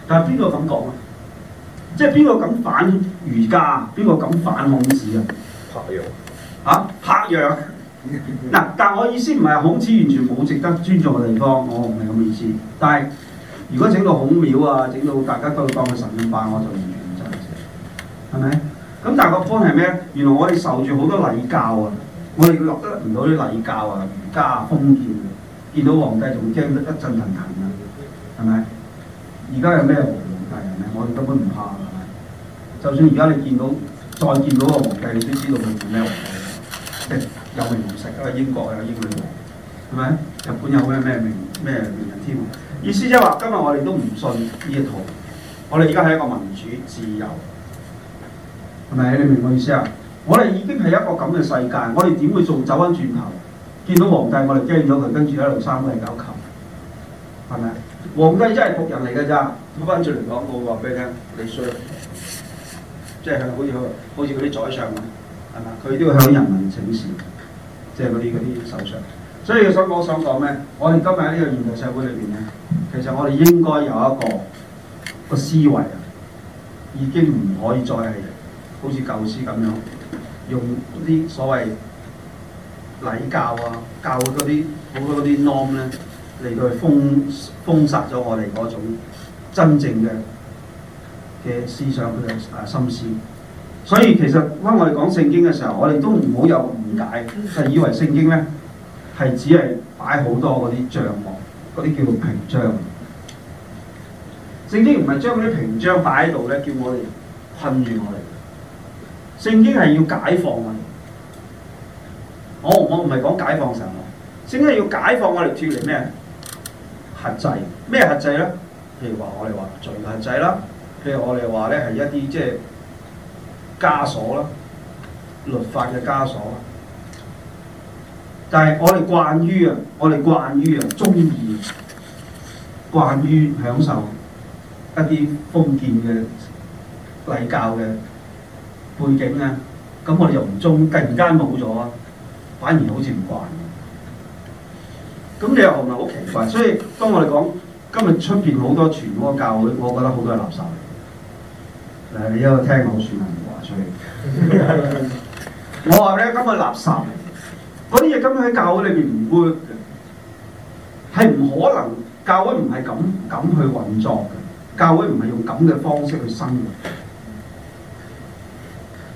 但係邊個咁講啊？即係邊個敢反儒家？邊個敢反孔子柏楊啊？柏楊，嚇柏楊嗱！但係我意思唔係孔子完全冇值得尊重嘅地方，我唔係咁嘅意思。但係如果整到孔廟啊，整到大家都當佢神明拜，我就完全唔支持。係咪？咁但係個 point 係咩？原來我哋受住好多禮教啊！我哋落得唔到啲禮教啊！儒家啊，封建，見到皇帝仲驚得一陣人行啊！係咪？而家有咩皇帝係咪？我哋根本唔怕，係咪？就算而家你見到再見到個皇帝，你都知道佢做咩皇帝，即係有名無實㗎啦，英國有英女王，係咪？日本有咩咩名咩名人添？意思即係話，今日我哋都唔信呢一套。我哋而家係一個民主自由，係咪？你明唔明我意思啊？我哋已經係一個咁嘅世界，我哋點會仲走返轉頭？見到皇帝我哋驚咗佢，跟住一路三昧搞球，係咪？皇帝真係僕人嚟嘅咋？攞翻轉嚟講，我話俾你聽，你衰，即係響好似佢，好似嗰啲宰相，係咪啊？佢都要向人民請示，即係嗰啲啲首相。所以我想講想講咩？我哋今日喺呢個現代社會裏邊咧，其實我哋應該有一個個思維啊，已經唔可以再係好似舊時咁樣用啲所謂禮教啊、教嗰啲好多嗰啲 norm 咧。嚟到封封殺咗我哋嗰種真正嘅嘅思想嘅啊心思，所以其實當我哋講聖經嘅時候，我哋都唔好有誤解，就以為聖經咧係只係擺好多嗰啲帳幕，嗰啲叫做屏障。聖經唔係將嗰啲屏障擺喺度咧，叫我哋困住我哋。聖經係要解放我哋。我我唔係講解放神，聖經係要解放我哋脫離咩？限制咩限制咧？譬如話我哋話罪限制啦，譬如我哋話咧係一啲即係枷鎖啦，律法嘅枷鎖。但係我哋慣於啊，我哋慣於啊，中意慣於享受一啲封建嘅禮教嘅背景啊，咁我哋又唔中，突然間冇咗啊，反而好似唔慣。咁你又係咪好奇怪？所以當我哋講今日出邊好多傳統嘅教會，我覺得好多係垃圾嚟。誒，你一路聽我講完話出嚟，我話咧 今日垃圾嚟，嗰啲嘢今日喺教會裏邊唔 work 嘅，係唔可能教。教會唔係咁咁去運作嘅，教會唔係用咁嘅方式去生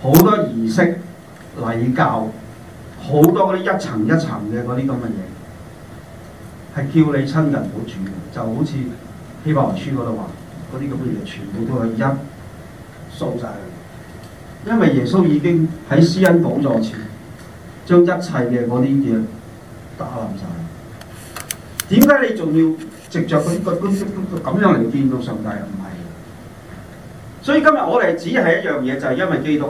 活。好多儀式禮教，好多嗰啲一層一層嘅嗰啲咁嘅嘢。係叫你親人好住嘅，就好似希伯來書嗰度話，嗰啲咁嘅嘢全部都係一掃晒去，因為耶穌已經喺施恩寶座前將一切嘅嗰啲嘢打冧晒。點解你仲要直着嗰啲咁樣嚟見到上帝？又唔係。所以今日我哋只係一樣嘢，就係、是、因為基督。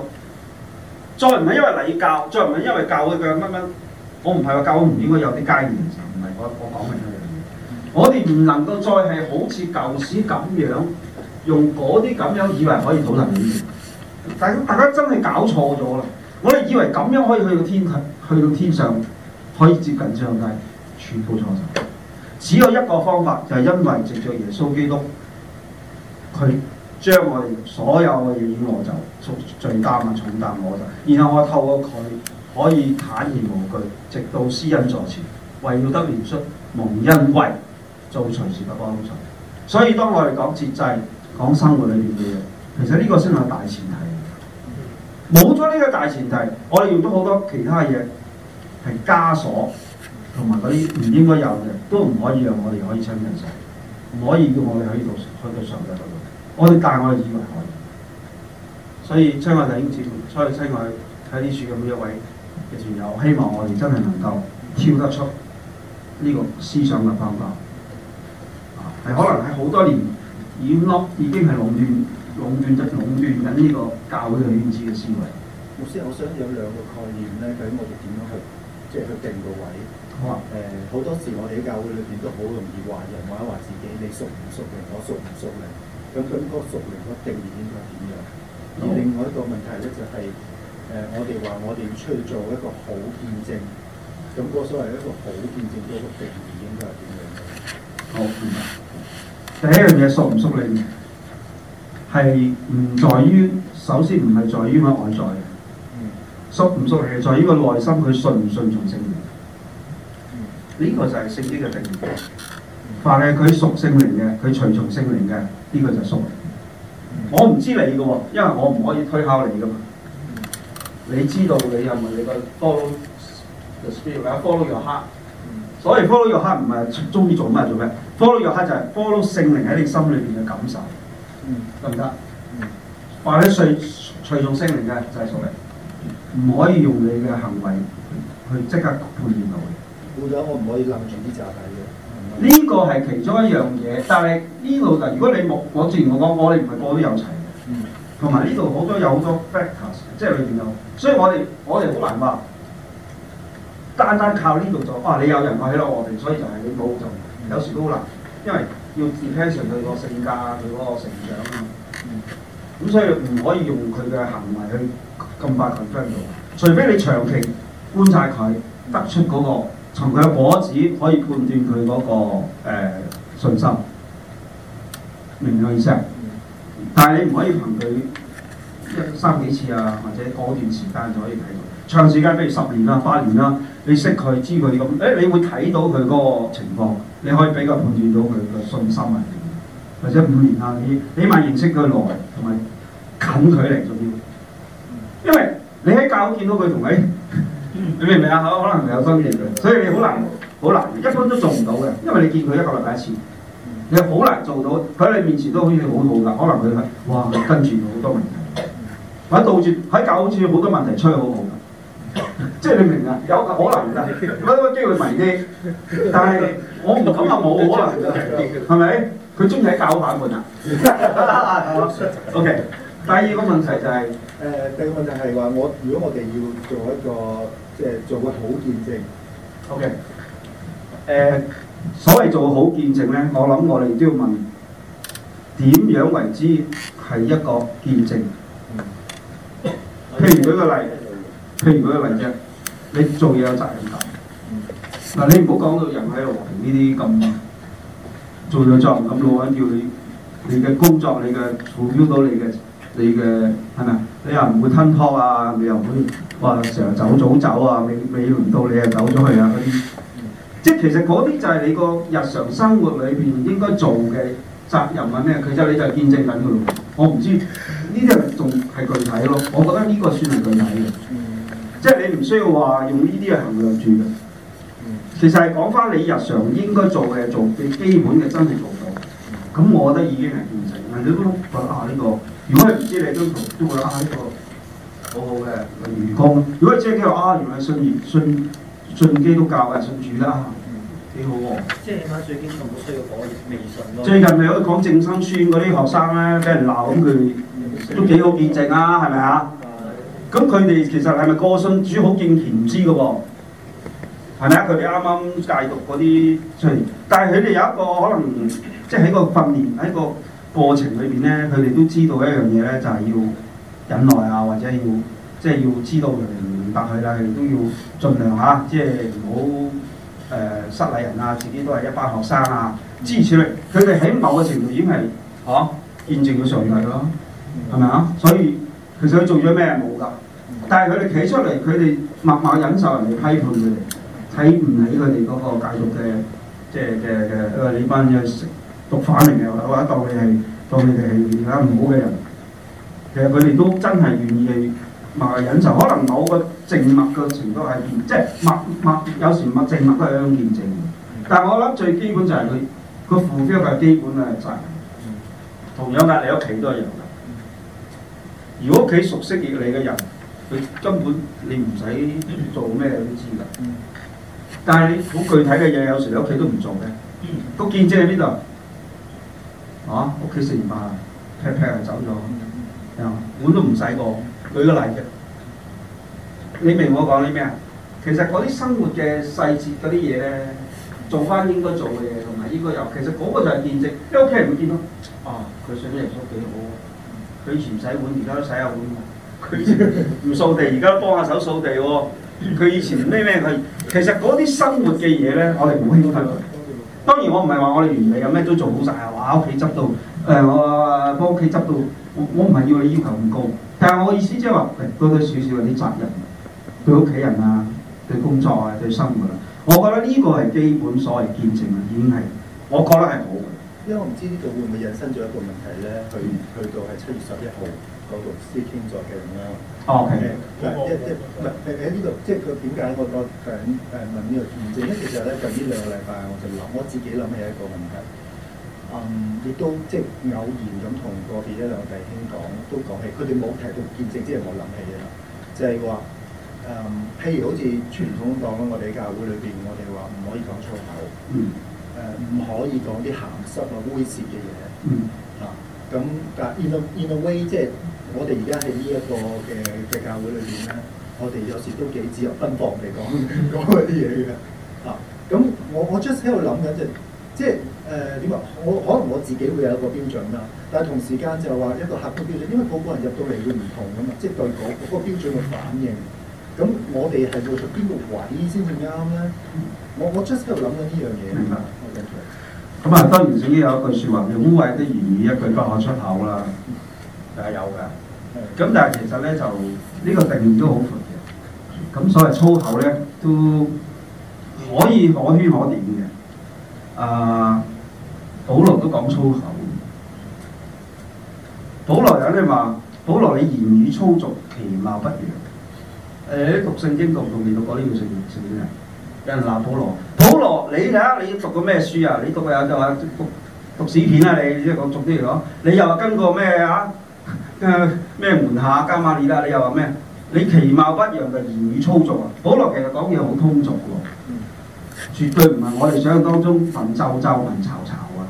再唔係因為禮教，再唔係因為教佢。佢乜乜，我唔係話教會唔應該有啲階段。我我講明一樣嘢，我哋唔能夠再係好似舊時咁樣，用嗰啲咁樣以為可以討論理念，但大家真係搞錯咗啦！我哋以為咁樣可以去到天庭，去到天上可以接近上帝，全部錯咗。只有一個方法，就係、是、因為藉著耶穌基督，佢將我哋所有嘅罪我就從罪擔啊、重擔我就。然後我透過佢可以坦然無懼，直到施恩在前。為要得憐恤，蒙恩惠，做隨時嘅幫助。所以當我哋講節制、講生活裏邊嘅嘢，其實呢個先係大前提。冇咗呢個大前提，我哋用咗好多其他嘢係枷鎖，同埋嗰啲唔應該有嘅，都唔可以讓我哋可以親近上，唔可以叫我哋喺呢度去到上帝嗰度。我哋但我哋以為可以，所以親愛弟兄姊妹，所以親愛喺呢處嘅每一位嘅團友，希望我哋真係能夠跳得出。呢個思想嘅方法啊，係可能喺好多年已經已經係壟斷壟斷就壟斷緊呢個教會嘅圈子嘅思維。牧師，我想有兩個概念咧，究竟我哋點樣去，即係去定個位。啊、嗯，誒、呃，好多時我哋喺教會裏邊都好容易話人或者話自己，你熟唔熟㗎？我熟唔熟㗎？咁嗰個熟㗎個定義應該點樣？而另外一個問題咧就係、是、誒、呃，我哋話我哋要出去做一個好見證。咁嗰所謂一個好見證嘅一個定義應該係點樣咧？好，第一樣嘢屬唔屬你？係唔在於，首先唔係在於乜外在嘅，屬唔屬你，係在於個內心佢順唔順從聖靈。呢、嗯、個就係聖經嘅定義。凡係佢屬聖靈嘅，佢隨從聖靈嘅，呢、這個就屬。嗯、我唔知你嘅，因為我唔可以推敲你嘅嘛。你知道你有冇你個多？哦 the spirit，或者 follow your heart，所以 follow your heart 唔係鍾意做咩做咩？follow your heart, your heart 就係 follow 聖靈喺你心裏邊嘅感受，得唔得？或者隨隨從聖靈嘅就係屬，唔可以用你嘅行為去即刻判斷到嘅。部長，我唔可以諗住啲炸底嘅。呢個係其中一樣嘢，但係呢度就如果你我自然我講我哋唔係講得有齊嘅，同埋呢度好多有好多 factors，即係裏面有，所以我哋我哋好難話。單單靠呢度做，哇！你有人脈喺度我哋所以就係你冇做。有時都好難，因為要觀察佢個性格，佢嗰個成長啊，嗯，咁所以唔可以用佢嘅行為去咁快 friend 到，除非你長期觀察佢，得出嗰、嗰個從佢嘅果子可以判斷佢嗰個、呃、信心，明唔明我意思？但係你唔可以憑佢一三幾次啊，或者過段時間就可以睇到，長時間譬如十年啊、八年啊。你識佢知佢咁，誒，你會睇到佢嗰個情況，你可以比較判斷到佢嘅信心係點，或者五年啊啲，起碼認識佢耐，同埋近距離重要。因為你喺教會見到佢同你，你明唔明啊？可能有心認嘅，所以好難好難，一般都做唔到嘅。因為你見佢一個禮拜一次，你好難做到。佢喺你面前都好似好好噶，可能佢係哇跟住好多問題，或者導致喺教會好似好多問題催好好。即係你明啊，有個可能啊，揾個機會迷啲，但係我唔敢話冇可能㗎，係咪？ 佢中意喺教板叛啊。 OK 第、就是呃。第二個問題就係、是，誒第二個問題係話我，如果我哋要做一個，即、就、係、是、做個好見證。OK、呃。誒，所謂做好見證咧，我諗我哋都要問點樣為之係一個見證？譬、嗯、如舉個例，譬如舉個例子。 你做嘢有責任感，嗱你唔好講到人喺度和呢啲咁做咗作任咁老闆叫你，你嘅工作你嘅負擔到你嘅，你嘅係咪？你又唔會吞拖啊，你又唔會話成日走早走啊，未未輪到你又走咗去啊啲，即係其實嗰啲就係你個日常生活裏邊應該做嘅責任係咩？其實你就見證緊佢咯，我唔知呢啲仲係具體咯，我覺得呢個算係具體嘅。即係你唔需要話用呢啲嘅衡量住嘅，其實係講翻你日常應該做嘅做最基本嘅真誠服務。咁、嗯、我覺得已經係見證，人哋都覺得啊呢、呢個。如果唔知你都同都覺得啊呢、呢個好好嘅員工。嗯、如果即係佢啊原來信義信信基督教嘅信主啦，幾、嗯、好喎。即係起碼最基礎冇需要講迷信咯。最近咪有講正心村嗰啲學生咧俾人鬧，咁佢、嗯、都幾好見證啊，係咪啊？咁佢哋其實係咪個信主好敬虔唔知嘅喎、哦，係咪啊？佢哋啱啱戒毒嗰啲出嚟，但係佢哋有一個可能，即係喺個訓練喺個過程裏邊咧，佢哋都知道一樣嘢咧，就係要忍耐啊，或者要即係要知道明唔明白佢啦，佢哋都要盡量吓，即係唔好誒失禮人啊，自己都係一班學生啊，支持力，佢哋喺某個程度已經係吓見證咗上嚟咯，係咪啊？所以。其實佢做咗咩冇㗎，但係佢哋企出嚟，佢哋默默忍受人哋批判佢哋，睇唔起佢哋嗰個教育嘅，即係誒誒，你話呢班嘢食毒販嚟嘅，或者當你係當你哋係其他唔好嘅人，其實佢哋都真係願意係默默忍受，可能某個靜默嘅程度係，即係默默有時默靜默都係一種見證，但係我諗最基本就係佢個負擔嘅基本嘅責任，同樣隔籬屋企都係有。如果屋企熟悉嘅你嘅人，佢根本你唔使做咩都知㗎。但係你好具體嘅嘢，有時你屋企都唔做嘅。嗯，個見證喺邊度？啊，屋企食完飯，劈劈就走咗。嗯、啊，碗都唔使講。舉個例啫，你明我講啲咩啊？其實嗰啲生活嘅細節嗰啲嘢咧，做翻應該做嘅嘢同埋應該有，其實嗰個就係見證。你屋企人會見咯。啊，佢想啲年都幾好。佢以前洗碗，而家都洗下碗喎。佢唔掃地，而家都幫下手掃地喎、哦。佢以前咩咩係，其實嗰啲生活嘅嘢咧，我哋好輕鬆嘅。當然我唔係話我哋原理有咩都做好晒，啊！哇，屋企執到誒，我幫屋企執到。我我唔係要你要求咁高，但係我意思即係話，誒多多少少有啲責任對屋企人啊，對工作啊，對生活啊，我覺得呢個係基本所謂見證，已經係我覺得係好。因為我唔知呢度會唔會引申咗一個問題咧，去去到係七月十一號嗰度私傾咗嘅咁樣。哦 OK 即嗱，唔係喺呢度，即係佢點解我我誒問呢個見證咧？因其實咧，就呢兩個禮拜我就諗，我自己諗起一個問題。嗯，亦都即係偶然咁同個別一兩個弟兄講，都講起，佢哋冇提到見證，即係我諗起啦。就係、是、話，嗯，譬如好似傳統講我哋教會裏邊，我哋話唔可以講粗口。嗯。Mm. 誒唔可以講啲咸濕啊、猥褻嘅嘢。嗯。啊，咁但 in a in a way，即係我哋而家喺呢一個嘅嘅教會裏面咧，我哋有時都幾自由奔放嚟講講嗰啲嘢嘅。啊，咁我我 just 喺度諗緊就，即係誒點講？我可能我自己會有一個標準啦，但係同時間就話一個客觀標準，因為個個人入到嚟會唔同噶嘛，即係對嗰個標準嘅反應。咁我哋係做去邊個位先至啱咧？嗯。我我 just 喺度諗緊呢樣嘢。明白的。咁啊 Okay.、嗯，當然自己有一句説話，叫污穢的言語一句不可出口啦。就係有噶。咁但係其實咧，就呢個定義都好闊嘅。咁所謂粗口咧都可以可圈可點嘅。啊，保羅都講粗口。保羅有啲話，保羅你言語粗俗，其貌不揚。誒，讀聖經讀唔讀？唔讀過呢樣聖經，聖經啊？人鬧普羅，普羅，你睇下，你讀過咩書啊？你讀過有就話讀讀史片啊？你即係講俗啲嚟講，你又話跟過咩啊？誒、啊、咩門下迦瑪列啦？你又話咩？你其貌不揚，但言語粗俗啊！普羅其實講嘢好通俗嘅、啊、喎，絕對唔係我哋想象當中文縐縐、文吵吵啊！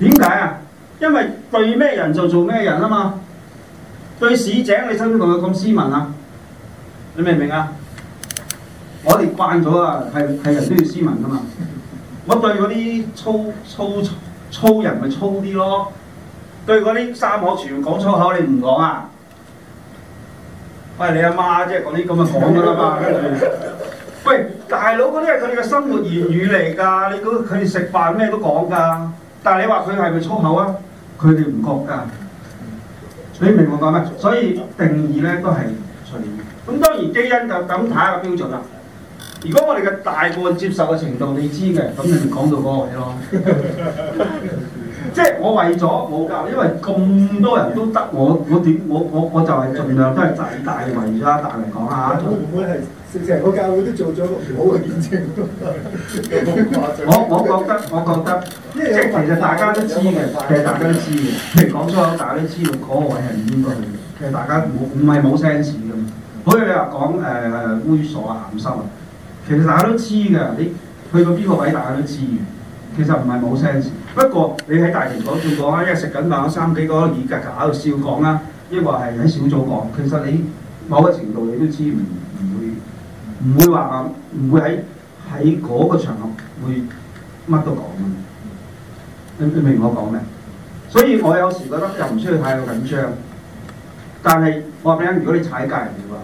點解啊？因為對咩人就做咩人啊嘛？對市井，你使唔使同佢咁斯文啊？你明唔明啊？我哋慣咗啊，係係人都要斯文噶嘛。我對嗰啲粗粗粗人咪粗啲咯。對嗰啲三好全部講粗口，你唔講啊？喂、哎，你阿媽即係嗰啲咁啊講噶啦嘛。喂，大佬嗰啲係佢哋嘅生活言語嚟㗎。你估佢哋食飯咩都講㗎。但係你話佢係咪粗口啊？佢哋唔覺㗎。你明我講乜？所以定義咧都係隨。咁當然基恩就咁睇下個標準啦。如果我哋嘅大部分接受嘅程度你知嘅，咁你講到嗰個位咯。 即係我為咗冇教，因為咁多人都得，我我點我我我就係盡量都係大大為咗，但係嚟講下，都唔會係成成個教會都做咗唔好嘅見證。我我覺得，我覺得， 即係其實大家都知嘅，其實大家都知嘅。譬如講粗口，大家都知道嗰個 位係唔應該去嘅。其實大家冇唔係冇 sense 嘅。好似你話講，誒猥瑣啊，鹹濕啊，其實大家都知嘅。你去到邊個位，大家都知嘅。其實唔係冇 sense，不過你喺大庭廣眾講啦，一係食緊飯，三幾個耳格架喺度笑講啦，抑或係喺小組講，其實你某個程度你都知唔唔會唔會話唔會喺喺嗰個場合會乜都講啊！你明唔明我講咩？所以我有時覺得又唔需要太過緊張，但係我話俾你聽，如果你踩界人嘅話，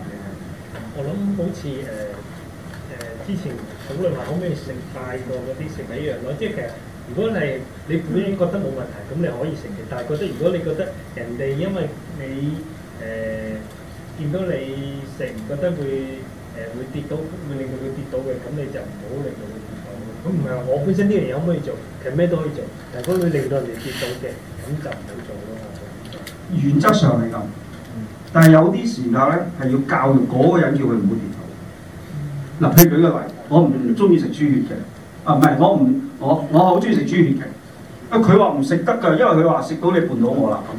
我諗好似誒誒之前討論話可唔可以食太多嗰啲食一樣咯，即係其實如果係你，你本身覺得冇問題，咁你可以食嘅。但係覺得如果你覺得人哋因為你誒、呃、見到你食，唔覺得會誒、呃、會跌到，會令到佢跌到嘅，咁你就唔好令到佢跌到。咁唔係話我本身啲嘢可唔可以做，其實咩都可以做。但係如果會令到人哋跌到嘅，咁就唔好做咯。原則上嚟講。但係有啲時間咧，係要教育嗰個人，叫佢唔好跌倒。嗱，譬如舉個例，我唔中意食豬血嘅，啊唔係，我唔我我好中意食豬血嘅。啊，佢話唔食得㗎，因為佢話食到你絆到我啦咁。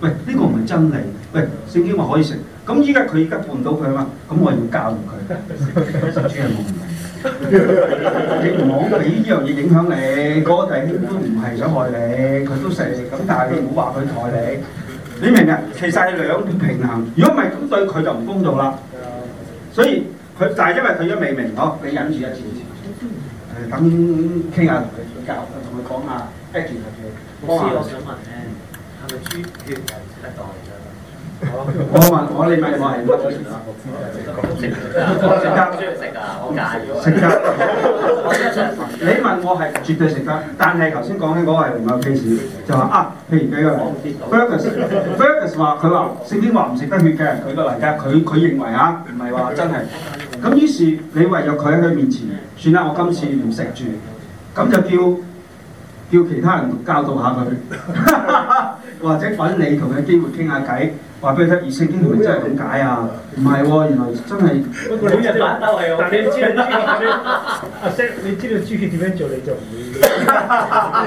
喂，呢、呢個唔係真理。喂，聖經我可以食，咁依家佢依家絆到佢啊嘛，咁我要教育佢食豬血我唔 你唔好俾呢樣嘢影響你。嗰個弟兄都唔係想害你，佢都食，咁但係你唔好話佢害你。你明啊？其實係兩段平衡，如果唔係咁對佢就唔公道啦。所以佢就係因為佢都未明，呵，你忍住一次誒，等傾下同佢教，同佢講下。e 先生，我想問，係咪豬血嚟替代？我問我你問我係乜嘢食得食得食噶，我介食得，你問我係絕對食得，但係頭先講嗰個係另外 case，就話啊，譬如俾我，b e r g e r s b e r g e r s 話佢話聖經話唔食得血嘅，佢個嚟家，佢佢認為啊，唔係話真係。咁 於是你為咗佢喺佢面前，算啦，我今次唔食住，咁就叫叫其他人教導下佢， 或者揾你同佢機會傾下偈，話俾你聽，熱性經絡真係咁解啊？唔係喎，原來真係每日攪兜係我。但係你知你知道豬血點樣做，你就唔會。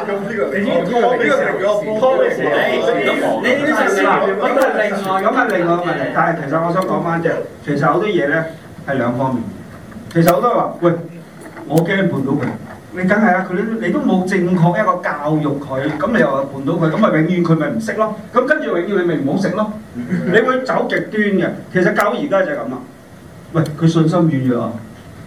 咁呢個你呢個拖嘅事，你呢啲食屎啊？呢係另外咁係另外個問題。但係其實我想講翻一隻，其實好多嘢咧係兩方面。其實好多人話，喂，我驚碰到佢。你梗係啊！佢你都冇正確一個教育佢，咁你又話換到佢，咁咪永遠佢咪唔識咯？咁跟住永遠你咪唔好食咯！你會走極端嘅。其實狗而家就係咁啊！喂，佢信心軟弱，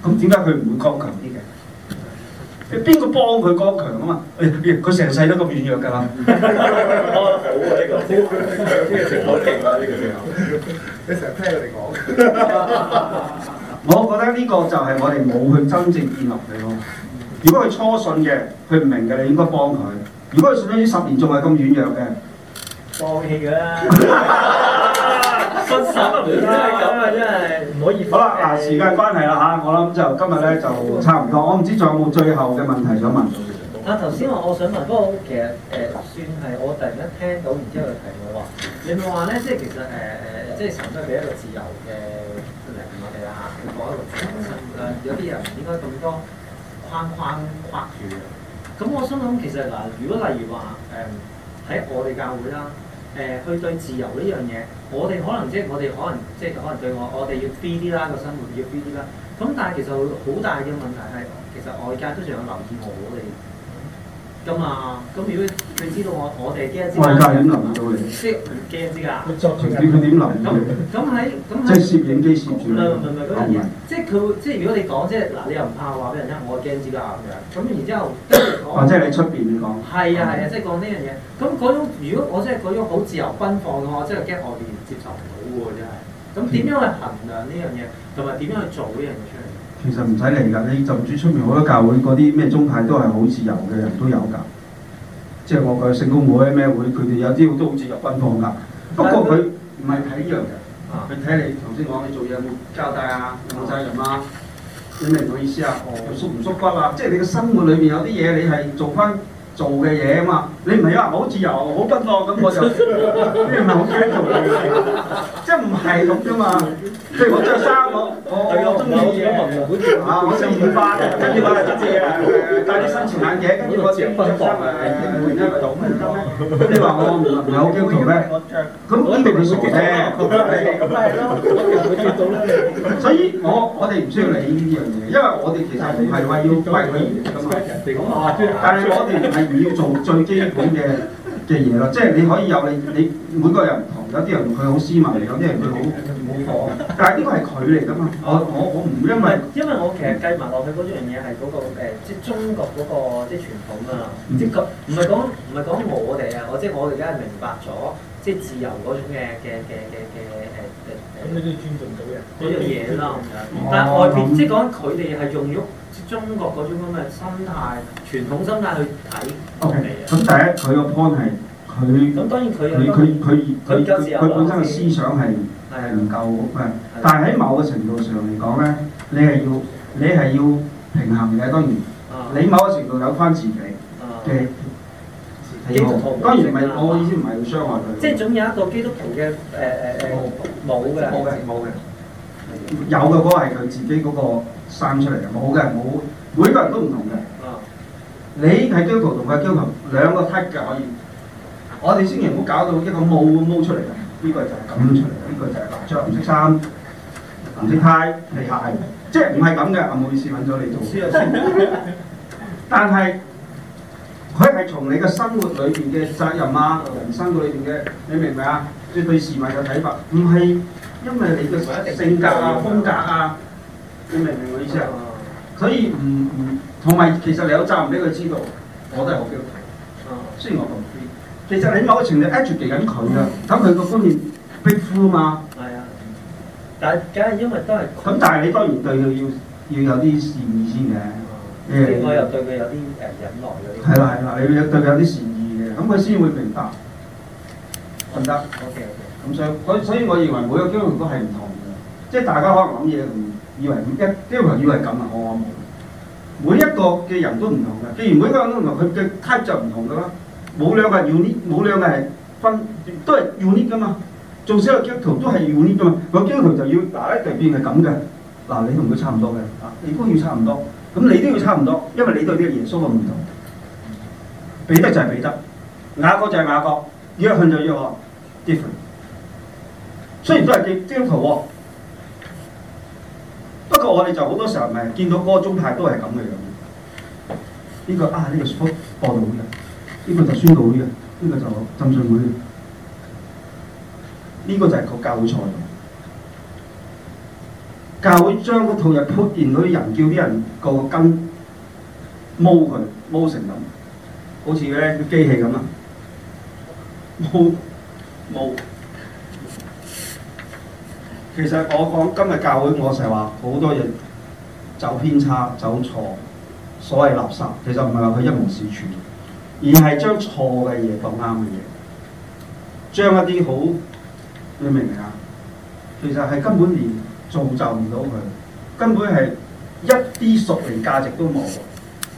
咁點解佢唔會剛強啲嘅？邊個幫佢剛強啊？嘛，佢成世都咁軟弱㗎啦！好啊，呢個呢個成好勁啊！呢個朋友，你成日聽佢哋講。我覺得呢個就係我哋冇去真正建立佢咯。如果佢初信嘅，佢唔明嘅，你應該幫佢；如果佢信咗啲十年，仲係咁軟弱嘅，放棄㗎啦，分手啊！真係咁啊，真係唔可以。好啦，嗱，時間關係啦吓，嗯、我諗就今日咧就差唔多，嗯、我唔知仲有冇最後嘅問題想問。但頭先話我想問嗰個，不過其實誒、呃、算係我突然間聽到，然之後提我話，你咪話咧，即係其實誒誒、呃，即係成日都俾一個自由嘅力量我哋啦吓，佢、就、講、是、一個真實，誒、就是、有啲人應該咁多？框框框住嘅，咁我想諗，其實嗱，如果例如話，誒、呃、喺我哋教會啦，誒、呃、去對自由呢樣嘢，我哋可能即係我哋可能即係可能對我，我哋要 free 啲啦個生活，要 free 啲啦，咁但係其實好大嘅問題係，其實外界都仲有留意我哋。咁啊，咁如果你知道我我哋驚，之外，外界點嚟到嚟？即係唔驚之㗎，佢點諗？咁咁喺咁喺即攝影機攝住唔係唔係唔係嗰樣嘢，即係佢即係如果你講即係嗱，你又唔怕話俾人聽，我係驚之㗎嘅。咁然之後講，哦，即係喺出邊講？係啊係啊，即係講呢樣嘢。咁嗰種如果我真係嗰種好自由奔放嘅話，我真係驚外面接受唔到喎，真係。咁點樣去衡量呢樣嘢？同埋點樣去做呢樣嘢？其實唔使嚟㗎，你就至出面好多教會嗰啲咩宗派都係好自由嘅，人都有㗎。即係我講聖公會咩會，佢哋有啲好多好自由奔放㗎。但 不過佢唔係睇呢樣嘅，佢睇、啊、你頭先講你做嘢有冇交代啊，有冇責任啊？啊你明唔明我意思啊？縮唔縮骨啊？即係你嘅生活裏面有啲嘢你係做翻。做嘅嘢啊嘛，你唔係話好自由、好奔放咁，我就你唔係好驚做嘅嘢，即係唔係咁啫嘛。譬如我着衫我我我中意嘅嘢，啊我着五花，跟住我係做嘢，戴啲新潮眼鏡，我住分房啊，我唔會做咩，即係話我唔唔係好驚做咩，咁我哋唔需要理呢樣嘢，因為我哋其實唔係話要為佢而做噶嘛。但係我哋。你要做最基本嘅嘅嘢咯，即係你可以有你你每個人唔同，有啲人佢好斯文，有啲人佢好冇講。 但係呢個係佢嚟㗎嘛，我我我唔會因為，因為我其實計埋落去嗰樣嘢係嗰個誒，即係中國嗰、嗰個即係傳統啊，嗯、即係個唔係講唔係講我哋啊，我即係我哋而家係明白咗即係自由嗰種嘅嘅嘅嘅嘅誒誒。咁你都尊重到人嗰樣嘢咯，但係外邊即係講佢哋係用喐。中國嗰種咁嘅心態，傳統心態去睇，OK 咁第一，佢個 point 係佢。咁當然佢佢佢佢佢佢佢本身嘅思想係係唔夠，但係喺某個程度上嚟講咧，你係要你係要平衡嘅，當然你某個程度有翻自己嘅基督徒。當然唔係，我意思唔係要傷害佢。即係總有一個基督徒嘅誒誒誒冇嘅冇嘅冇嘅，有嘅嗰個係佢自己嗰個。生出嚟嘅冇嘅冇，每個人都唔同嘅。你係焦糖同佢係焦糖兩個 type 嘅可以，我哋先唔好搞到一個毛咁毛出嚟嘅。呢、這個就係咁出嚟，呢、這個就係白將唔識衫、唔識 tie 鞋，是即係唔係咁嘅啊，冇意思揾咗你做， 但係佢係從你嘅生活裏邊嘅責任啊，同人生裏邊嘅，你明唔明啊？即係對事物嘅睇法，唔係因為你嘅性格啊、風格啊。你明唔明我意思啊？Oh, 所以唔唔同埋，um, um, 其實你有責任俾佢知道我，我都係好驚。哦，雖然我咁知，其實你某個程度 edge 住緊佢啊，咁佢個觀念逼呼啊嘛。係啊，oh.，但係梗係因為都係。咁但係你當然對佢要要有啲善意先嘅。Oh. 你應該又對佢有啲誒忍耐。係啦，係啦，你要對佢有啲善意嘅，咁佢先會明白。唔得、oh. right.，OK OK。咁所以，所以，所以我認為每一個經驗都係唔同嘅，即係大家可能諗嘢以為一啲人以為咁啊，我冇。每一個嘅人都唔同嘅，既然每一個人都唔同，佢嘅 type 就唔同噶啦，冇兩個人要啲，冇兩個人分都係要啲噶嘛。做少嘅基督徒都係要啲噶嘛。個基督徒就要嗱，一定係咁嘅。嗱，你同佢差唔多嘅，你都要差唔多。咁你都要差唔多，因為你對呢個耶穌嘅唔同。彼得就係彼得，雅各就係雅各，約翰就約翰，different。雖然都係基督徒不過我哋就好多時候咪見到個宗派都係咁嘅樣，呢個，個啊呢、呢個播道會嘅，呢、呢個就宣道會嘅，呢、呢個就浸信會嘅，呢、呢個就係個教會好菜。教會將嗰套嘢鋪延啲人，叫人，叫啲人個根踐佢踐成咁，好似咧個機器咁啊，踐踐。其實我講今日教會，我成日話好多人走偏差、走錯，所謂垃圾。其實唔係話佢一無是處，而係將錯嘅嘢當啱嘅嘢，將一啲好，你明唔明啊？其實係根本連造就唔到佢，根本係一啲屬靈價值都冇，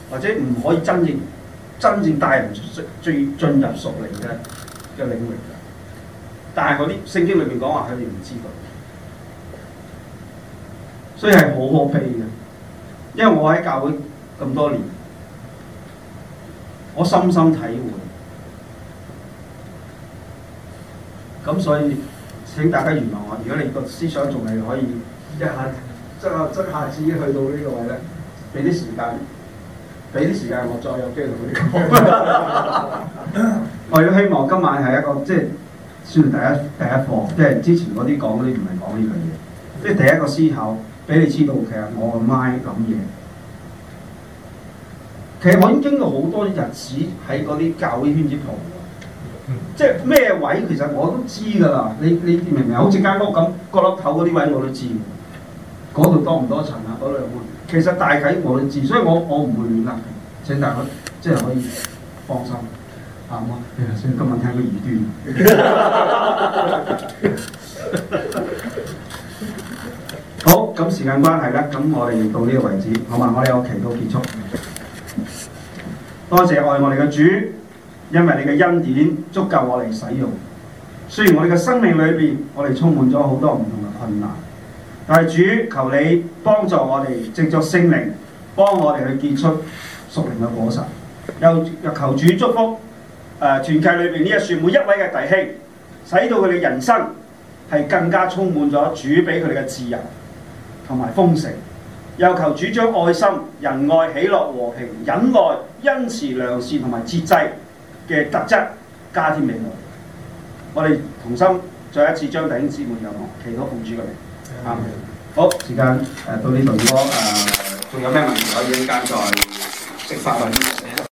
或者唔可以真正真正帶人最進入屬靈嘅嘅領域。但係嗰啲聖經裏邊講話，佢哋唔知道。都係好可悲嘅，因為我喺教會咁多年，我深深體會。咁所以請大家原諒我，如果你個思想仲係可以一下即係一下子去到呢個位咧，俾啲時間，俾啲時間我再有機會同你講。 我要希望今晚係一個即係算大家第一課，即係之前嗰啲講嗰啲唔係講呢樣嘢，即係第一個思考。俾你知道，其實我個 mind 諗嘢。其實我已經經過好多日子喺嗰啲教會圈子度，嗯、即係咩位其實我都知㗎啦。你你明唔明啊？好似間屋咁，角落頭嗰啲位我都知，嗰度、嗯、多唔多塵啊？嗰度有冇？其實大體我都知，所以我我唔會亂啦。請大家即係可以放心，啱、啊、嗎？誒，所以今日聽到語端。 好，咁，時間關係咧，咁我哋到呢個位置，好嘛？我哋有祈禱結束。多謝愛我哋嘅主，因為你嘅恩典足夠我哋使用。雖然我哋嘅生命裏邊，我哋充滿咗好多唔同嘅困難，但係主求你幫助我哋，藉著聖靈幫我哋去結出屬靈嘅果實。又又求主祝福誒、呃、團契裏邊呢一串每一位嘅弟兄，使到佢哋人生係更加充滿咗主俾佢哋嘅自由。同埋豐盛，又求主將愛心、仁愛、喜樂、和平、忍耐、恩慈、良善同埋節制嘅特質加添未來。我哋同心再一次將弟兄姊妹入我祈禱奉主名。嗯、好，時間誒到呢度。如果誒仲有咩問題可以交在釋法雲？